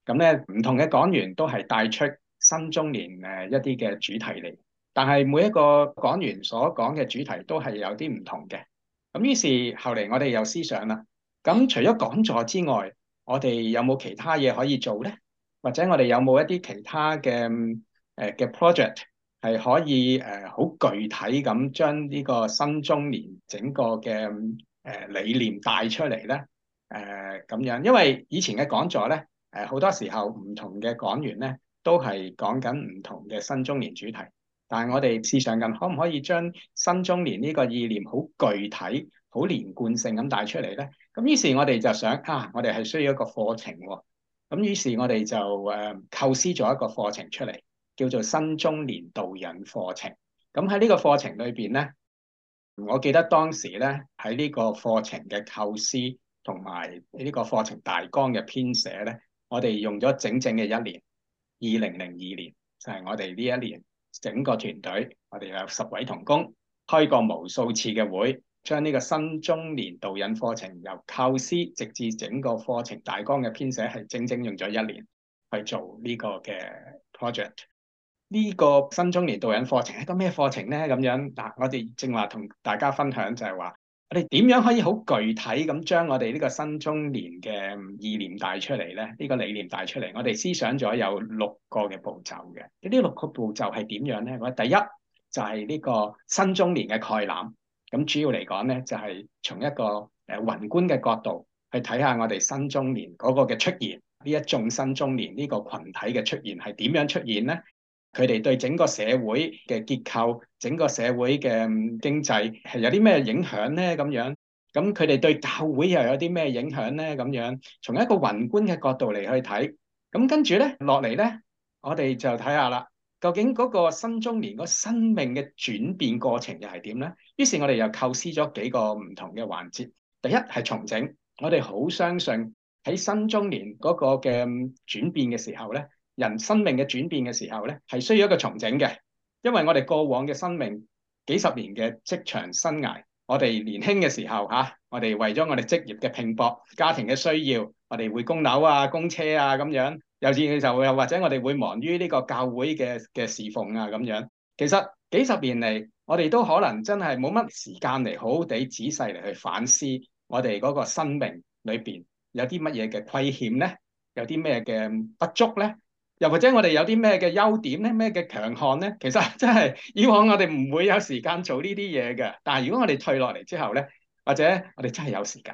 咁咧，唔同嘅講員都係帶出新中年誒一啲嘅主題嚟。但係每一個講員所講嘅主題都係有啲唔同嘅。咁於是後嚟我哋有思想啦。咁除咗講座之外，我哋有冇其他嘢可以做咧？或者我哋有冇一啲其他嘅誒嘅、呃、project？係可以誒，好、呃、具體咁將呢個新中年整個嘅誒、呃、理念帶出嚟咧。誒、呃、咁樣，因為以前嘅講座咧，誒、呃、好多時候唔同嘅講員咧都係講緊唔同嘅新中年主題，但係我哋試想緊可唔可以將新中年呢個意念好具體、好連貫性咁帶出嚟咧？咁於是，我哋就想啊，我哋係需要一個課程喎、哦。咁於是我，我哋就誒構思咗一個課程出嚟。叫做新中年導引課程。咁喺呢個課程裏邊呢，我記得當時呢喺呢個課程嘅構思同埋呢個課程大綱嘅編寫呢，我哋用咗整整嘅一年，二零零二年就係我哋呢一年整個團隊，我哋有十位同工開過無數次嘅會，將呢個新中年導引課程由構思直至整個課程大綱嘅編寫，係整整用咗一年去做呢個嘅 project。呢個新中年導引課程課程係個咩課程咧？咁樣嗱，我哋正話同大家分享就係話，我哋點樣可以好具體咁將我哋呢個新中年嘅意念帶出嚟咧？呢、這個理念帶出嚟，我哋思想咗有六個嘅步驟嘅。呢六個步驟係點樣咧？我第一就係、是、呢個新中年嘅概覽，咁主要嚟講咧就係、是、從一個誒宏觀嘅角度去睇下我哋新中年嗰個嘅出現，呢一眾新中年呢個群體嘅出現係點樣出現咧？佢哋對整個社會嘅結構、整個社會嘅經濟係有啲咩影響咧？咁樣，咁佢哋對教會又有啲咩影響咧？咁樣，從一個宏觀嘅角度嚟去睇，咁跟住咧落嚟咧，我哋就睇下啦，究竟嗰個新中年個生命嘅轉變過程又係點咧？於是，我哋又構思咗幾個唔同嘅環節。第一係重整，我哋好相信喺新中年嗰個嘅轉變嘅時候咧。人生命嘅轉變嘅時候咧，係需要一個重整嘅，因為我哋過往嘅生命幾十年嘅職場生涯，我哋年輕嘅時候吓、啊，我哋為咗我哋職業嘅拼搏、家庭嘅需要，我哋會供樓啊、供車啊咁樣，有時就又或者我哋會忙於呢個教會嘅嘅侍奉啊咁樣。其實幾十年嚟，我哋都可能真係冇乜時間嚟好好地仔細嚟去反思我哋嗰個生命裏邊有啲乜嘢嘅虧欠咧，有啲咩嘅不足咧？又或者我哋有啲咩嘅優點咧，咩嘅強項咧？其實真係以往我哋唔會有時間做呢啲嘢嘅。但係如果我哋退落嚟之後咧，或者我哋真係有時間，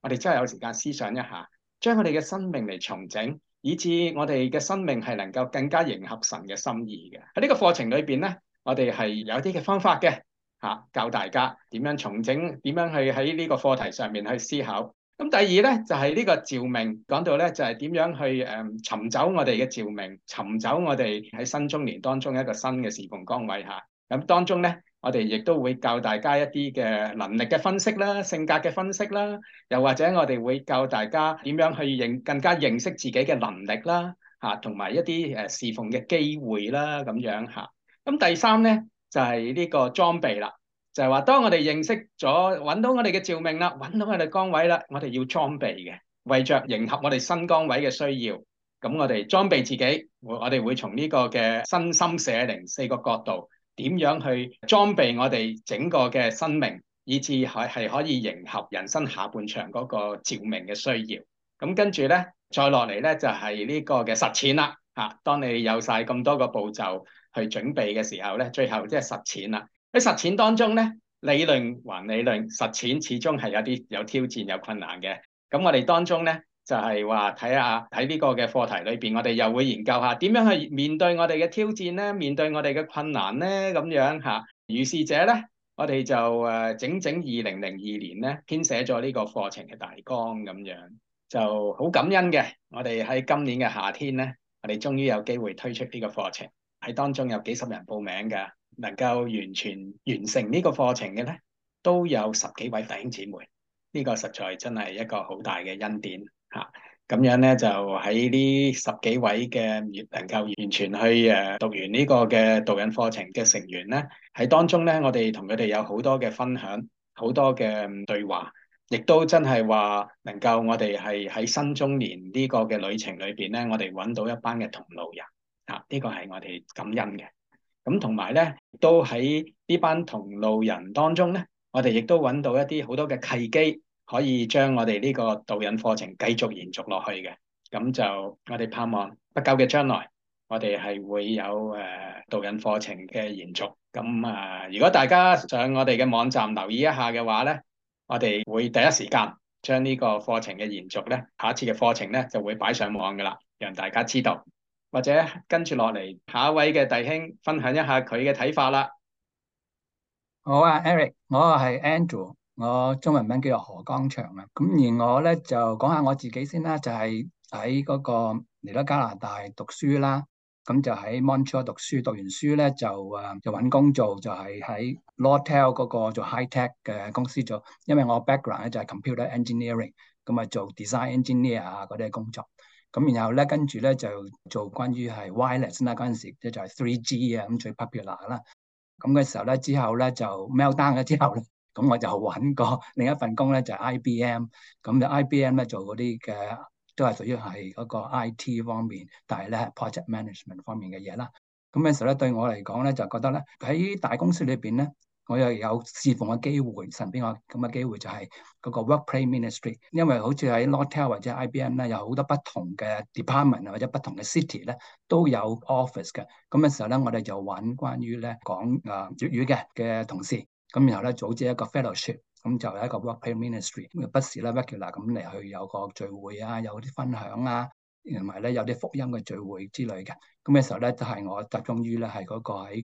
我哋真係有時間思想一下，將我哋嘅生命嚟重整，以至我哋嘅生命係能夠更加迎合神嘅心意嘅。喺呢個課程裏邊咧，我哋係有啲嘅方法嘅吓，教大家點樣重整，點樣去喺呢個課題上面去思考。咁第二咧就係、是、呢個召命，講到咧就係、是、點樣去誒、呃、尋找我哋嘅召命，尋找我哋喺新中年當中一個新嘅侍奉崗位嚇。咁、啊、當中咧，我哋亦都會教大家一啲嘅能力嘅分析啦、性格嘅分析啦，又或者我哋會教大家點樣去認更加認識自己嘅能力啦嚇，同、啊、埋一啲誒侍奉嘅機會啦，咁、啊、樣嚇。咁、啊、第三咧就係、是、呢個裝備啦。就係話，當我哋認識咗，揾到我哋嘅召命啦，揾到我哋崗位啦，我哋要裝備嘅，為着迎合我哋新崗位嘅需要，咁我哋裝備自己。我我哋會從呢個嘅身心社靈四個角度，點樣去裝備我哋整個嘅生命，以至係係可以迎合人生下半場嗰個召命嘅需要。咁跟住咧，再落嚟咧就係、是、呢個嘅實踐啦。嚇、啊，當你有晒咁多個步驟去準備嘅時候咧，最後即係實踐啦。喺實踐當中咧，理論還理論，實踐始終係有啲有挑戰、有困難嘅。咁我哋當中咧，就係話睇下喺呢個嘅課題裏邊，我哋又會研究下點樣去面對我哋嘅挑戰咧，面對我哋嘅困難咧，咁樣吓。如是者咧，我哋就誒整整二零零二年咧，編寫咗呢個課程嘅大綱咁樣，就好感恩嘅。我哋喺今年嘅夏天咧，我哋終於有機會推出呢個課程，喺當中有幾十人報名㗎。能夠完全完成呢個課程嘅咧，都有十幾位弟兄姊妹，呢個實在真係一個好大嘅恩典嚇。咁樣咧就喺呢十幾位嘅能夠完全去誒讀完呢個嘅導引課程嘅成員咧，喺當中咧，我哋同佢哋有好多嘅分享，好多嘅對話，亦都真係話能夠我哋係喺新中年呢個嘅旅程裏邊咧，我哋揾到一班嘅同路人嚇，呢個係我哋感恩嘅。咁同埋咧，都喺呢班同路人當中咧，我哋亦都揾到一啲好多嘅契機，可以將我哋呢個導引課程繼續延續落去嘅。咁就我哋盼望不久嘅將來，我哋係會有誒、呃、導引課程嘅延續。咁啊、呃，如果大家上我哋嘅網站留意一下嘅話咧，我哋會第一時間將呢個課程嘅延續咧，下一次嘅課程咧就會擺上網噶啦，讓大家知道。或者跟住落嚟，下一位嘅弟兄分享一下佢嘅睇法啦。好啊，Eric，我係 Andrew，我中文名叫做何光祥啊。咁而我咧就講下我自己先啦，就係喺嗰個嚟到加拿大讀書啦。咁就喺 Montreal 讀書，讀完書咧就啊就搵工做，就係喺 Lotteel 嗰個做 High Tech 嘅公司做。因為我 background 咧就係 Computer Engineering，咁啊做 Design Engineer 啊嗰啲工作。咁然後咧，跟住咧就做關於係 wireless 啦，嗰陣時即係 three G 啊，咁最 popular 啦。咁嘅時候咧，之後咧就 meltdown 咗之後咧，咁我就揾過另一份工咧就係、是、IBM。咁就 IBM 咧做嗰啲嘅都係屬於係嗰個 IT 方面，但係咧 project management 方面嘅嘢啦。咁嘅時候咧，對我嚟講咧就覺得咧喺大公司裏邊咧。我又有侍奉嘅機會，神俾我咁嘅機會就係嗰個 workplace ministry。因為好似喺 hotel 或者 IBM 咧，有好多不同嘅 department 啊，或者不同嘅 city 咧都有 office 嘅。咁嘅時候咧，我哋就揾關於咧講誒、呃、粵語嘅嘅同事。咁然後咧，組織一個 fellowship，咁就係一個 workplace ministry。咁不時咧 regular 咁嚟去有個聚會啊，有啲分享啊，同埋咧有啲福音嘅聚會之類嘅。咁嘅時候咧，就係我集中於咧係嗰個喺。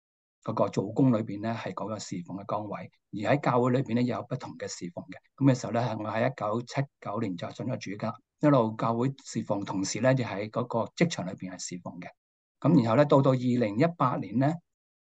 個做工裏邊咧係嗰個侍奉嘅崗位，而喺教會裏邊咧又有不同嘅侍奉嘅。咁嘅時候咧，我喺一九七九年就進咗主家一路教會侍奉，同時咧就喺嗰個職場裏邊係侍奉嘅。咁然後咧，到到二零一八年咧，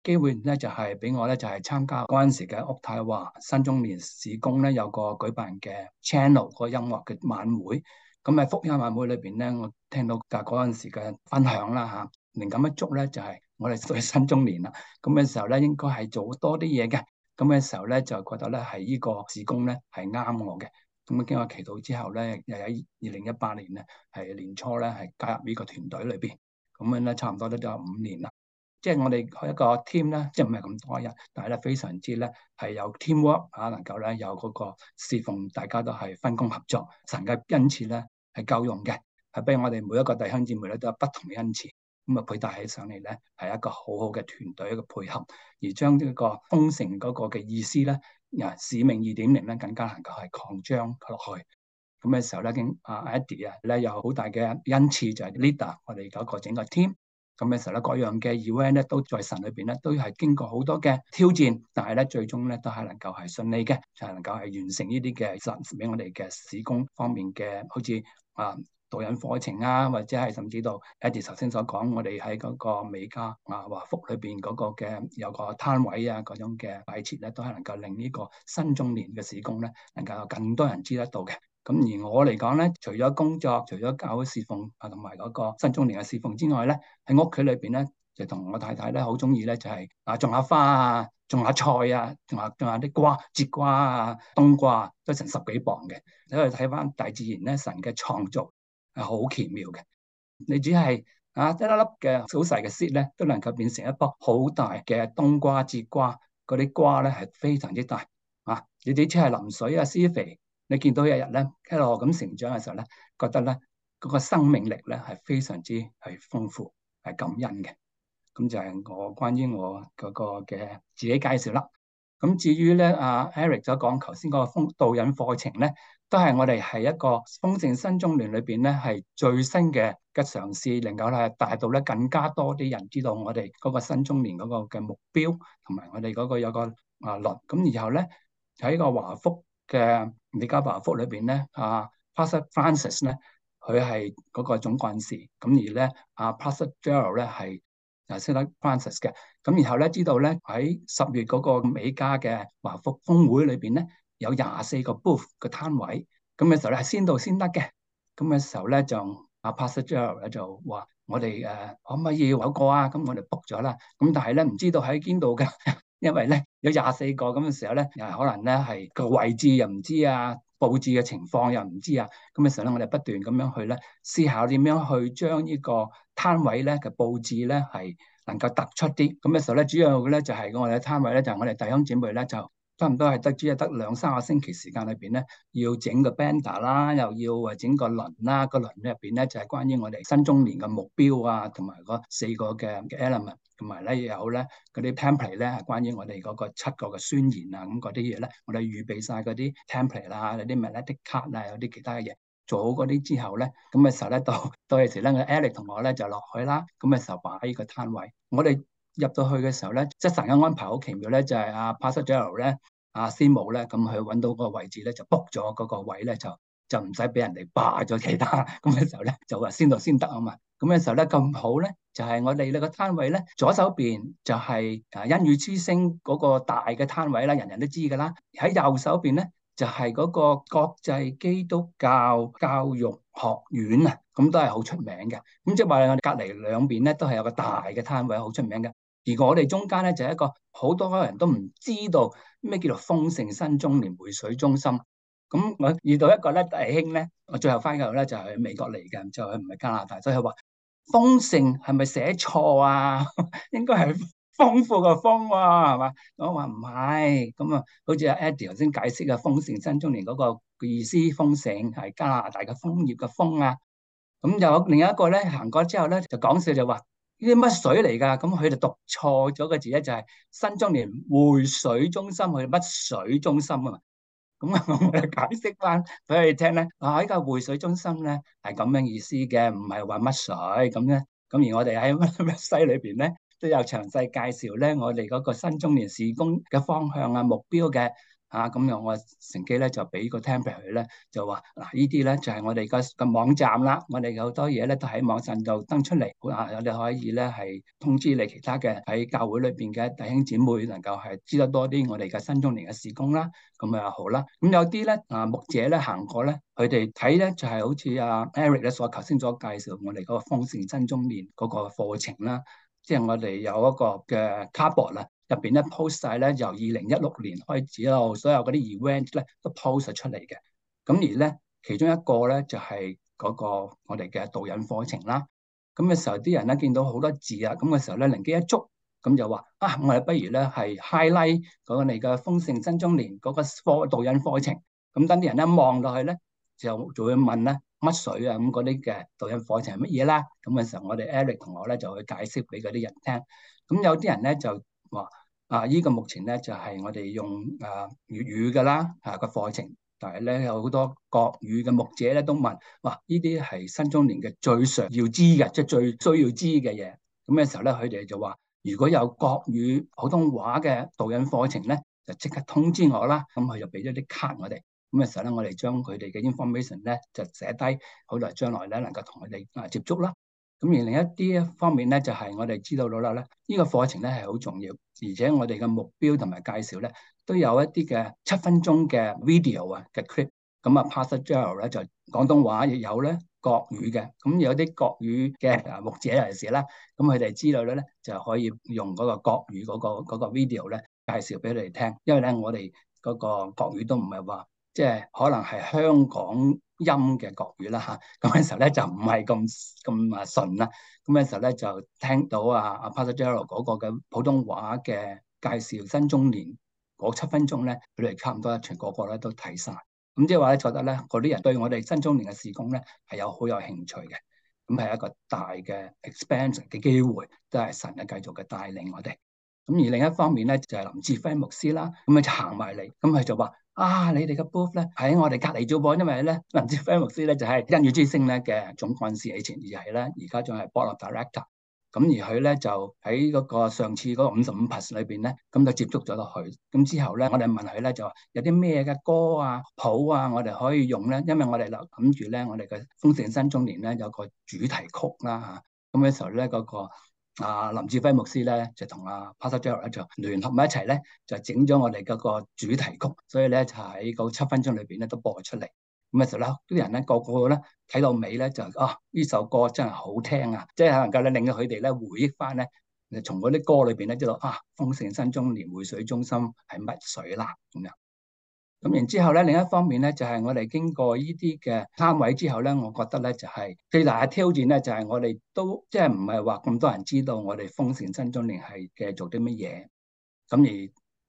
機會咧就係、是、俾我咧就係、是、參加嗰陣時嘅屋太華新中年事工咧有個舉辦嘅 channel 個音樂嘅晚會。咁喺福音晚會裏邊咧，我聽到嘅嗰陣時嘅分享啦吓，靈、啊、感一觸咧就係、是。我哋都係新中年啦，咁嘅時候咧，應該係做多啲嘢嘅。咁嘅時候咧，就覺得咧係呢個事工咧係啱我嘅。咁樣經過祈禱之後咧，又喺二零一八年咧係年初咧係加入呢個團隊裏邊。咁樣咧差唔多都咧有五年啦。即係我哋開一個 team 咧，即係唔係咁多人，但係咧非常之咧係有 teamwork 啊，能夠咧有嗰個侍奉，大家都係分工合作。神嘅恩賜咧係夠用嘅，係俾我哋每一個弟兄姊妹咧都有不同嘅恩賜。咁啊，配戴起上嚟咧，係一個好好嘅團隊一個配合，而將呢個楓盛嗰個嘅意思咧，啊使命二點零咧，更加能夠係擴張落去。咁、那、嘅、個、時候咧，經阿 Edie 啊，咧有好大嘅恩賜就係、是、leader，我哋嗰個整個 team。咁、那、嘅、個、時候咧，各樣嘅 event 咧，都在神裏邊咧，都係經過好多嘅挑戰，但係咧，最終咧都係能夠係順利嘅，就才、是、能夠係完成呢啲嘅神俾我哋嘅事工方面嘅，好似啊～導引課程啊，或者係甚至到，誒，頭先所講，我哋喺嗰個美加啊華福裏邊嗰個嘅有個攤位啊，嗰種嘅擺設咧，都係能夠令呢個新中年嘅事工咧，能夠更多人知得到嘅。咁而我嚟講咧，除咗工作，除咗搞侍奉啊，同埋嗰個新中年嘅侍奉之外咧，喺屋企裏邊咧，就同我太太咧好中意咧，就係啊種下花啊，種下菜啊，種下、啊、種下啲瓜，節瓜啊，冬瓜、啊、都成十幾磅嘅。你去睇翻大自然咧，神嘅創造。係好奇妙嘅，你只係啊一粒粒嘅好細嘅 seed 咧，都能夠變成一樖好大嘅冬瓜、節瓜，嗰啲瓜咧係非常之大啊！你哋只係淋水啊、施肥，你見到一日咧一路咁成長嘅時候咧，覺得咧嗰個生命力咧係非常之係豐富，係感恩嘅。咁就係我關於我嗰個嘅自己介紹啦。咁至於咧阿 Eric 所講頭先嗰個風導引課程咧。都係我哋係一個楓盛新中年裏邊咧，係最新嘅嘅嘗試，能夠咧帶到咧更加多啲人知道我哋嗰個新中年嗰個嘅目標，同埋我哋嗰個有個啊律。咁然後咧喺個華福嘅美加華福裏邊咧啊，Pastor Francis 咧佢係嗰個總幹事。咁、啊、而咧啊 Pastor Gerald 咧係啊識得 Francis 嘅。咁然後咧知道咧喺十月嗰個美加嘅華福峰會裏邊咧。有廿四個 booth 個攤位，咁嘅時候咧係先到先得嘅。咁嘅時候咧就阿 Pastor Jo 咧就話：我哋誒可唔可以揾個啊？咁我哋 book 咗啦。咁但係咧唔知道喺邊度嘅， 因為咧有廿四個咁嘅時候咧，又可能咧係個位置又唔知啊，佈置嘅情況又唔知啊。咁嘅時候咧，我哋不斷咁樣去咧思考點樣去將呢個攤位咧嘅佈置咧係能夠突出啲。咁嘅時候咧，主要嘅咧就係我哋攤位咧就係我哋弟兄姐妹咧就。差唔多係得，知，係得兩三個星期時間裏邊咧，要整個 banner 啦，又要啊整個輪啦，個輪入邊咧就係、是、關於我哋新中年嘅目標啊，同埋嗰四個嘅 element，同埋咧有咧嗰啲 template 咧，係關於我哋嗰個七個嘅宣言啊，咁嗰啲嘢咧，我哋預備晒嗰啲 template 啦、啊，有啲 melodic card 啊，有啲其他嘅嘢，做好嗰啲之後咧，咁嘅時候咧到到時咧個 Eric 同學咧就落去啦，咁嘅時候擺喺個攤位，我哋。入到去嘅時候咧，即成嘅安排好奇妙咧，就係、是、阿 Pastor J 咧，阿師母咧，咁佢揾到個位置咧就 book 咗嗰個位咧就就唔使俾人哋霸咗其他，咁、那、嘅、個、時候咧就話先到先得啊嘛。咁嘅、那個、時候咧咁好咧，就係、是、我哋咧個攤位咧，左手邊就係啊恩雨之聲嗰、那個大嘅攤位啦，人人都知㗎啦。喺右手邊咧就係、是、嗰個國際基督教教育學院啊，咁都係好出名嘅。咁即係話我哋隔離兩邊咧都係有個大嘅攤位，好出名嘅。而我哋中間咧就係、是、一個好多人都唔知道咩叫做楓盛新中年匯萃中心。咁我遇到一個咧弟兄咧，我最後翻嚟咧就係美國嚟嘅，就係唔係加拿大，所以佢話楓盛係咪寫錯啊？ 應該係豐富嘅豐喎，係嘛？我話唔係，咁啊，好似阿 Eddie 頭先解釋嘅楓盛新中年嗰、那個意思，楓盛係加拿大嘅楓葉嘅楓啊。咁就另一個咧行過之後咧就講笑就話。呢啲乜水嚟噶？咁佢就讀錯咗個字咧，就係新中年匯水中心，佢乜水中心啊？嘛，咁啊解釋翻俾佢聽咧。啊，呢個匯水中心咧係咁樣意思嘅，唔係話乜水咁咧。咁而我哋喺乜西裏邊咧都有詳細介紹咧，我哋嗰個新中年事工嘅方向啊、目標嘅。啊，咁樣我乘機咧就俾個 template 佢咧，就話嗱，依啲咧就係、是、我哋而家嘅網站啦，我哋有好多嘢咧都喺網站度登出嚟，啊，我哋可以咧係通知你其他嘅喺教會裏邊嘅弟兄姊妹能夠係知得多啲我哋嘅新中年嘅事工啦，咁啊好啦，咁有啲咧啊牧者咧行過咧，佢哋睇咧就係、是、好似阿 Eric 咧所頭先所介紹我哋嗰、那個豐盛新中年嗰個課程啦、啊，即係我哋有一個嘅 cardboard 啦。入邊咧 post 晒咧，由二零一六年開始啦，所有嗰啲 event 咧都 post 出嚟嘅。咁而咧，其中一個咧就係、是、嗰個我哋嘅導引課程啦。咁嘅時候呢，啲人咧見到好多字啊，咁嘅時候咧，靈機一觸，咁就話啊，我哋不如咧係 highlight 我哋嘅楓盛新中年嗰個課導引課程。咁等啲人咧望落去咧，就就會問咧乜水啊咁嗰啲嘅導引課程係乜嘢啦？咁嘅時候，我哋 Eric 同學咧就會解釋俾嗰啲人聽。咁有啲人咧就話。啊！依、這個目前咧就係、是、我哋用誒粵、啊、語噶啦，嚇、啊、個課程，但係咧有好多國語嘅牧者咧都問，哇！依啲係新中年嘅最常要知嘅，即係最需要知嘅嘢。咁嘅時候咧，佢哋就話：如果有國語普通話嘅導引課程咧，就即刻通知我啦。咁佢就俾咗啲卡我哋。咁嘅時候咧，我哋將佢哋嘅 information 咧就寫低，好嚟將來咧能夠同佢哋接觸啦。咁而另一啲方面咧，就係、是、我哋知道到啦咧，依、這個課程咧係好重要，而且我哋嘅目標同埋介紹咧，都有一啲嘅七分鐘嘅 video 啊嘅 clip、嗯。咁啊，passage 啊咧就廣東話亦有咧國語嘅，咁、嗯、有啲國語嘅牧者人士啦，咁佢哋知道咧，就可以用嗰個國語嗰、那個那個 video 咧介紹俾你哋聽，因為咧我哋嗰個國語都唔係話。即係可能係香港音嘅國語啦嚇，咁嘅時候咧就唔係咁咁啊順啦，咁嘅時候咧就聽到啊阿 Pastor Gerald 嗰個嘅普通話嘅介紹新中年嗰七分鐘咧，佢哋差唔多全個個個咧都睇晒。咁即係話咧覺得咧嗰啲人對我哋新中年嘅事工咧係有好有興趣嘅，咁係一個大嘅 expansion 嘅機會，都係神嘅繼續嘅帶領我哋。咁而另一方面咧，就係、是、林志飛牧師啦，咁佢行埋嚟，咁佢就話：啊，你哋嘅 booth 咧喺我哋隔離做噃，因為咧林志飛牧師咧就係、是、恩語之星咧嘅總幹事以前而呢，director, 而係咧而家仲係 board director。咁而佢咧就喺嗰個上次嗰個五十五 plus 裏邊咧，咁就接觸咗落去。咁之後咧，我哋問佢咧就話：有啲咩嘅歌啊、譜啊，我哋可以用咧？因為我哋諗住咧，我哋嘅楓盛新中年咧有個主題曲啦嚇。咁、啊、嘅時候咧，嗰、那個。啊，林志輝牧師咧就同阿 Pastor Joel 咧就聯合埋一齊咧，就整咗我哋嗰個主題曲，所以咧就喺嗰七分鐘裏邊咧都播出嚟。咁嘅時候咧，啲人咧個個咧睇到尾咧就啊，呢首歌真係好聽啊！即係能夠咧令到佢哋咧回憶翻咧，從嗰啲歌裏邊咧知道啊，楓盛新中年匯萃中心係乜水啦咁樣。咁然之後咧，另一方面咧，就係我哋經過呢啲嘅攤位之後咧，我覺得咧就係最大嘅挑戰咧，就係我哋都即係唔係話咁多人知道我哋楓盛新中年係嘅做啲乜嘢，咁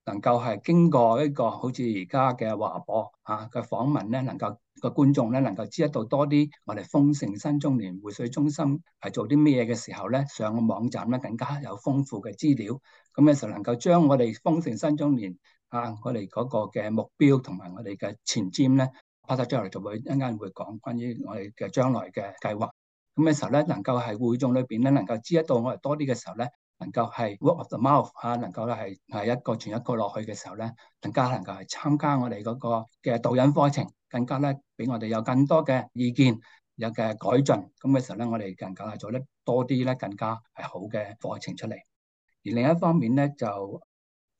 而能夠係經過一個好似而家嘅華博嚇嘅訪問咧，能夠個觀眾咧能夠知得到多啲我哋楓盛新中年匯萃中心係做啲乜嘢嘅時候咧，上個網站咧更加有豐富嘅資料，咁嘅時候能夠將我哋楓盛新中年。啊！我哋嗰個嘅目標同埋我哋嘅前瞻咧，拍曬之後就會一間會講關於我哋嘅將來嘅計劃。咁嘅時候咧，能夠係會眾裏邊咧，能夠知得到我哋多啲嘅時候咧，能夠係 word of the mouth 啊，能夠係係一個傳一個落去嘅時候咧，更加能夠係參加我哋嗰個嘅導引課程，更加咧俾我哋有更多嘅意見有嘅改進。咁嘅時候咧，我哋更加係做得多啲咧，更加係好嘅課程出嚟。而另一方面咧，就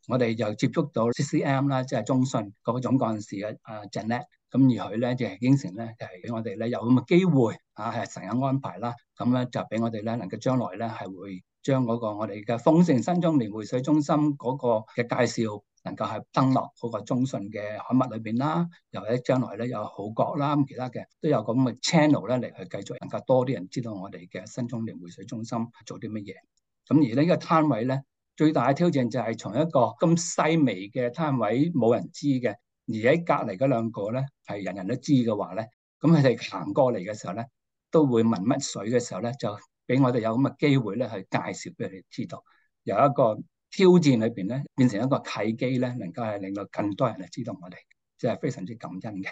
我哋又接觸到 C C M 啦，即係中信嗰個總幹事嘅啊陣叻，咁、那個、而佢咧就係應承咧，係俾我哋咧有咁嘅機會啊，係成日安排啦。咁咧就俾我哋咧能夠將來咧係會將嗰個我哋嘅楓盛新中年匯萃中心嗰個嘅介紹能夠係登落嗰個中信嘅刊物裏邊啦。又喺將來咧有好角啦，咁其他嘅都有咁嘅 channel 咧嚟去繼續能夠多啲人知道我哋嘅新中年匯萃中心係做啲乜嘢。咁而呢個攤位咧。最大嘅挑戰就係從一個咁細微嘅攤位冇人知嘅，而喺隔離嗰兩個咧係人人都知嘅話咧，咁佢哋行過嚟嘅時候咧，都會問乜水嘅時候咧，就俾我哋有咁嘅機會咧去介紹俾佢哋知道，由一個挑戰裏邊咧變成一個契機咧，能夠係令到更多人嚟知道我哋，即係非常之感恩嘅。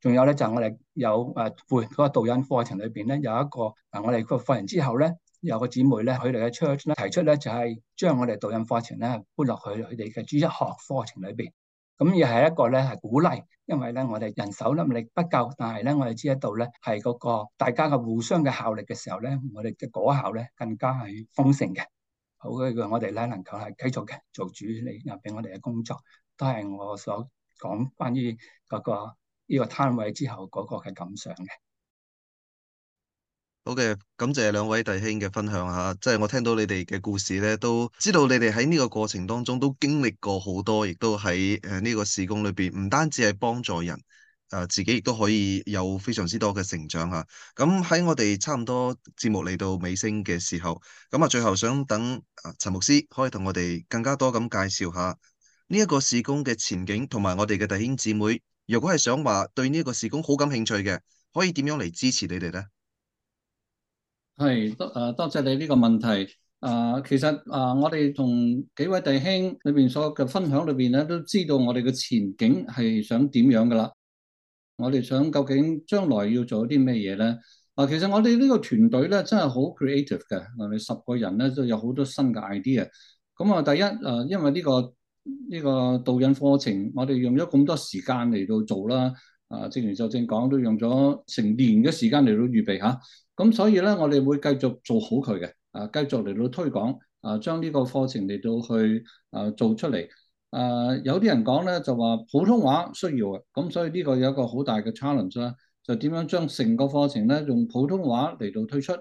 仲有咧就係我哋有誒會嗰個導引課程裏邊咧有一個誒我哋個課程之後咧。有個姊妹咧，佢哋嘅 church 咧提出咧就係將我哋導引課程咧搬落去佢哋嘅主日學課程裏邊。咁亦係一個咧係鼓勵，因為咧我哋人手能力不夠，但係咧我哋知得到咧係嗰個大家嘅互相嘅效力嘅時候咧，我哋嘅果效咧更加係豐盛嘅。好嘅，我哋咧能夠係繼續嘅做主理啊，俾我哋嘅工作都係我所講關於嗰個呢個攤位之後嗰個嘅感想嘅。好嘅，okay, 感謝兩位弟兄嘅分享吓，即係我聽到你哋嘅故事咧，都知道你哋喺呢個過程當中都經歷過好多，亦都喺誒呢個事工裏面。唔單止係幫助人，誒自己亦都可以有非常之多嘅成長吓。咁喺我哋差唔多節目嚟到尾聲嘅時候，咁啊最後想等陳牧師可以同我哋更加多咁介紹下呢一個事工嘅前景，同埋我哋嘅弟兄姊妹，如果係想話對呢一個事工好感興趣嘅，可以點樣嚟支持你哋呢？係多誒，多謝你呢個問題。誒、啊，其實誒、啊，我哋同幾位弟兄裏邊所嘅分享裏邊咧，都知道我哋嘅前景係想點樣噶啦。我哋想究竟將來要做啲咩嘢咧？嗱、啊，其實我哋呢個團隊咧，真係好 creative 嘅。我哋十個人咧，都有好多新嘅 idea。咁、嗯、啊，第一誒、啊，因為呢、呢個呢、呢個導引課程，我哋用咗咁多時間嚟到做啦。啊，正如就正講，都用咗成年嘅時間嚟到預備吓。啊咁所以咧，我哋會繼續做好佢嘅，啊，繼續嚟到推廣，啊，將呢個課程嚟到去啊做出嚟。啊，有啲人講咧就話普通話需要嘅，咁所以呢個有一個好大嘅 challenge 啦，就點樣將成個課程咧用普通話嚟到推出。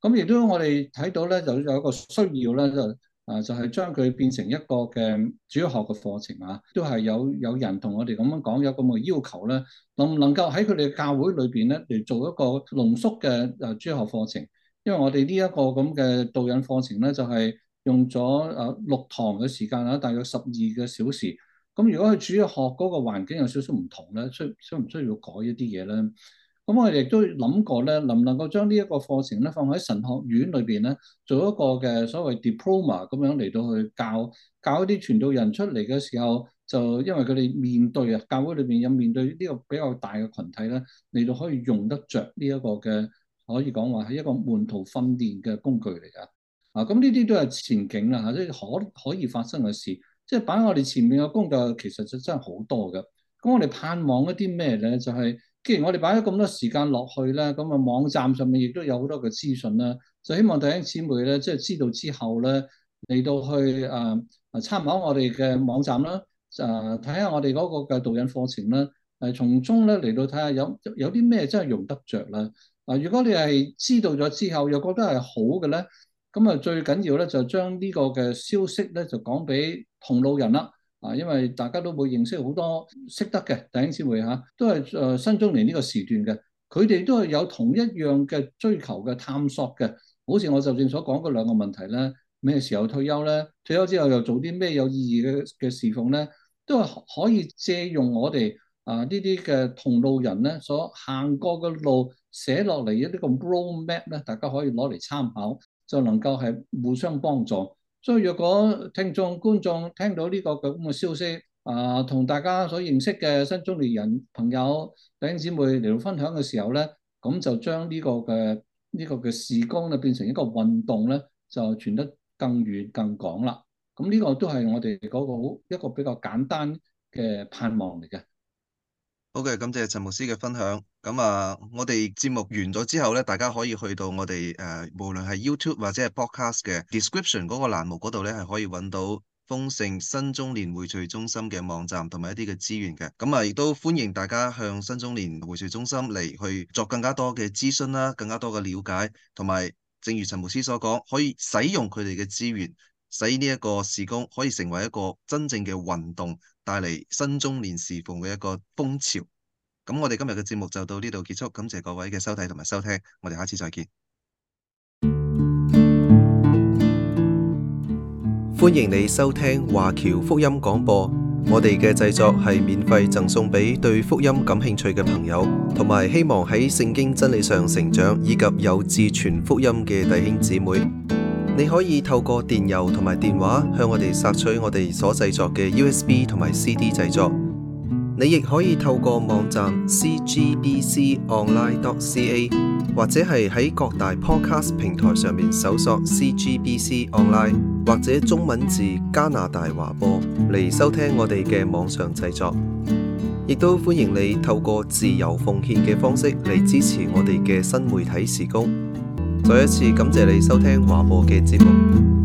咁亦都我哋睇到咧，就有一個需要咧，就是，啊，就係將佢變成一個嘅主要學嘅課程啊，都係有有人同我哋咁樣講，有咁嘅要求咧，能唔能夠喺佢哋嘅教會裏邊咧嚟做一個濃縮嘅誒主學課程？因為我哋呢一個咁嘅導引課程咧，就係、是、用咗誒六堂嘅時間啊，大約十二個小時。咁、嗯、如果佢主學嗰個環境有少少唔同咧，需需唔需要改一啲嘢咧？咁我哋亦都諗過咧，能唔能夠將呢一個課程咧，放喺神學院裏邊咧，做一個嘅所謂 diploma 咁樣嚟到去教教一啲傳道人出嚟嘅時候，就因為佢哋面對啊，教會裏邊有面對呢個比較大嘅群體咧，嚟到可以用得着呢一個嘅，可以講話係一個門徒訓練嘅工具嚟㗎。啊，咁呢啲都係前景啦，即、啊、係、就是、可可以發生嘅事。即係擺喺我哋前面嘅工作其實就真係好多嘅。咁我哋盼望一啲咩咧？就係、是既然我哋擺咗咁多時間落去啦，咁啊網站上面亦都有好多嘅資訊啦，就希望弟兄姊妹咧即係知道之後咧嚟到去誒誒參考我哋嘅網站啦，誒睇下我哋嗰個嘅導引課程啦，誒從中咧嚟到睇下有有啲咩真係用得着啦。啊，如果你係知道咗之後又覺得係好嘅咧，咁啊最緊要咧就將呢個嘅消息咧就講俾同路人啦。啊，因為大家都會認識好多識得嘅弟兄姊妹嚇、啊，都係誒新中年呢個時段嘅，佢哋都係有同一樣嘅追求嘅探索嘅，好似我就正所講嗰兩個問題咧，咩時候退休咧？退休之後又做啲咩有意義嘅嘅侍奉咧？都係可以借用我哋啊呢啲嘅同路人咧所行過嘅路寫落嚟一啲咁 road map 咧，大家可以攞嚟參考，就能夠係互相幫助。所以若果聽眾觀眾聽到呢個咁嘅消息，啊，同大家所認識嘅新中年人朋友、弟兄姊妹嚟到分享嘅時候咧，咁就將呢個嘅呢個嘅事工咧變成一個運動咧，就傳得更遠更廣啦。咁呢個都係我哋嗰個好一個比較簡單嘅盼望嚟嘅。好嘅，感謝陳牧師嘅分享。咁啊，我哋節目完咗之後呢，大家可以去到我哋誒、呃，無論係 YouTube 或者係 Podcast 嘅 description 嗰個欄目嗰度呢，係可以揾到楓盛新中年匯萃中心嘅網站同埋一啲嘅資源嘅。咁啊，亦都歡迎大家向新中年匯萃中心嚟去做更加多嘅諮詢啦，更加多嘅了解，同埋正如陳牧師所講，可以使用佢哋嘅資源，使呢一個事工可以成為一個真正嘅運動，帶嚟新中年事奉嘅一個風潮。咁我哋今日嘅節目就到呢度結束，感謝各位嘅收睇同埋收聽，我哋下次再見。歡迎你收聽華僑福音廣播，我哋嘅製作係免費贈送俾對福音感興趣嘅朋友，同埋希望喺聖經真理上成長以及有志傳福音嘅弟兄姊妹。你可以透過電郵同埋電話向我哋索取我哋所製作嘅 USB 同埋 CD 製作。你亦可以透過網站 cgbconline.ca 或者係喺各大 podcast 平台上面搜索 cgbc online 或者中文字加拿大華播嚟收聽我哋嘅網上製作，亦都歡迎你透過自由奉獻嘅方式嚟支持我哋嘅新媒體事工。再一次感謝你收聽華播嘅節目。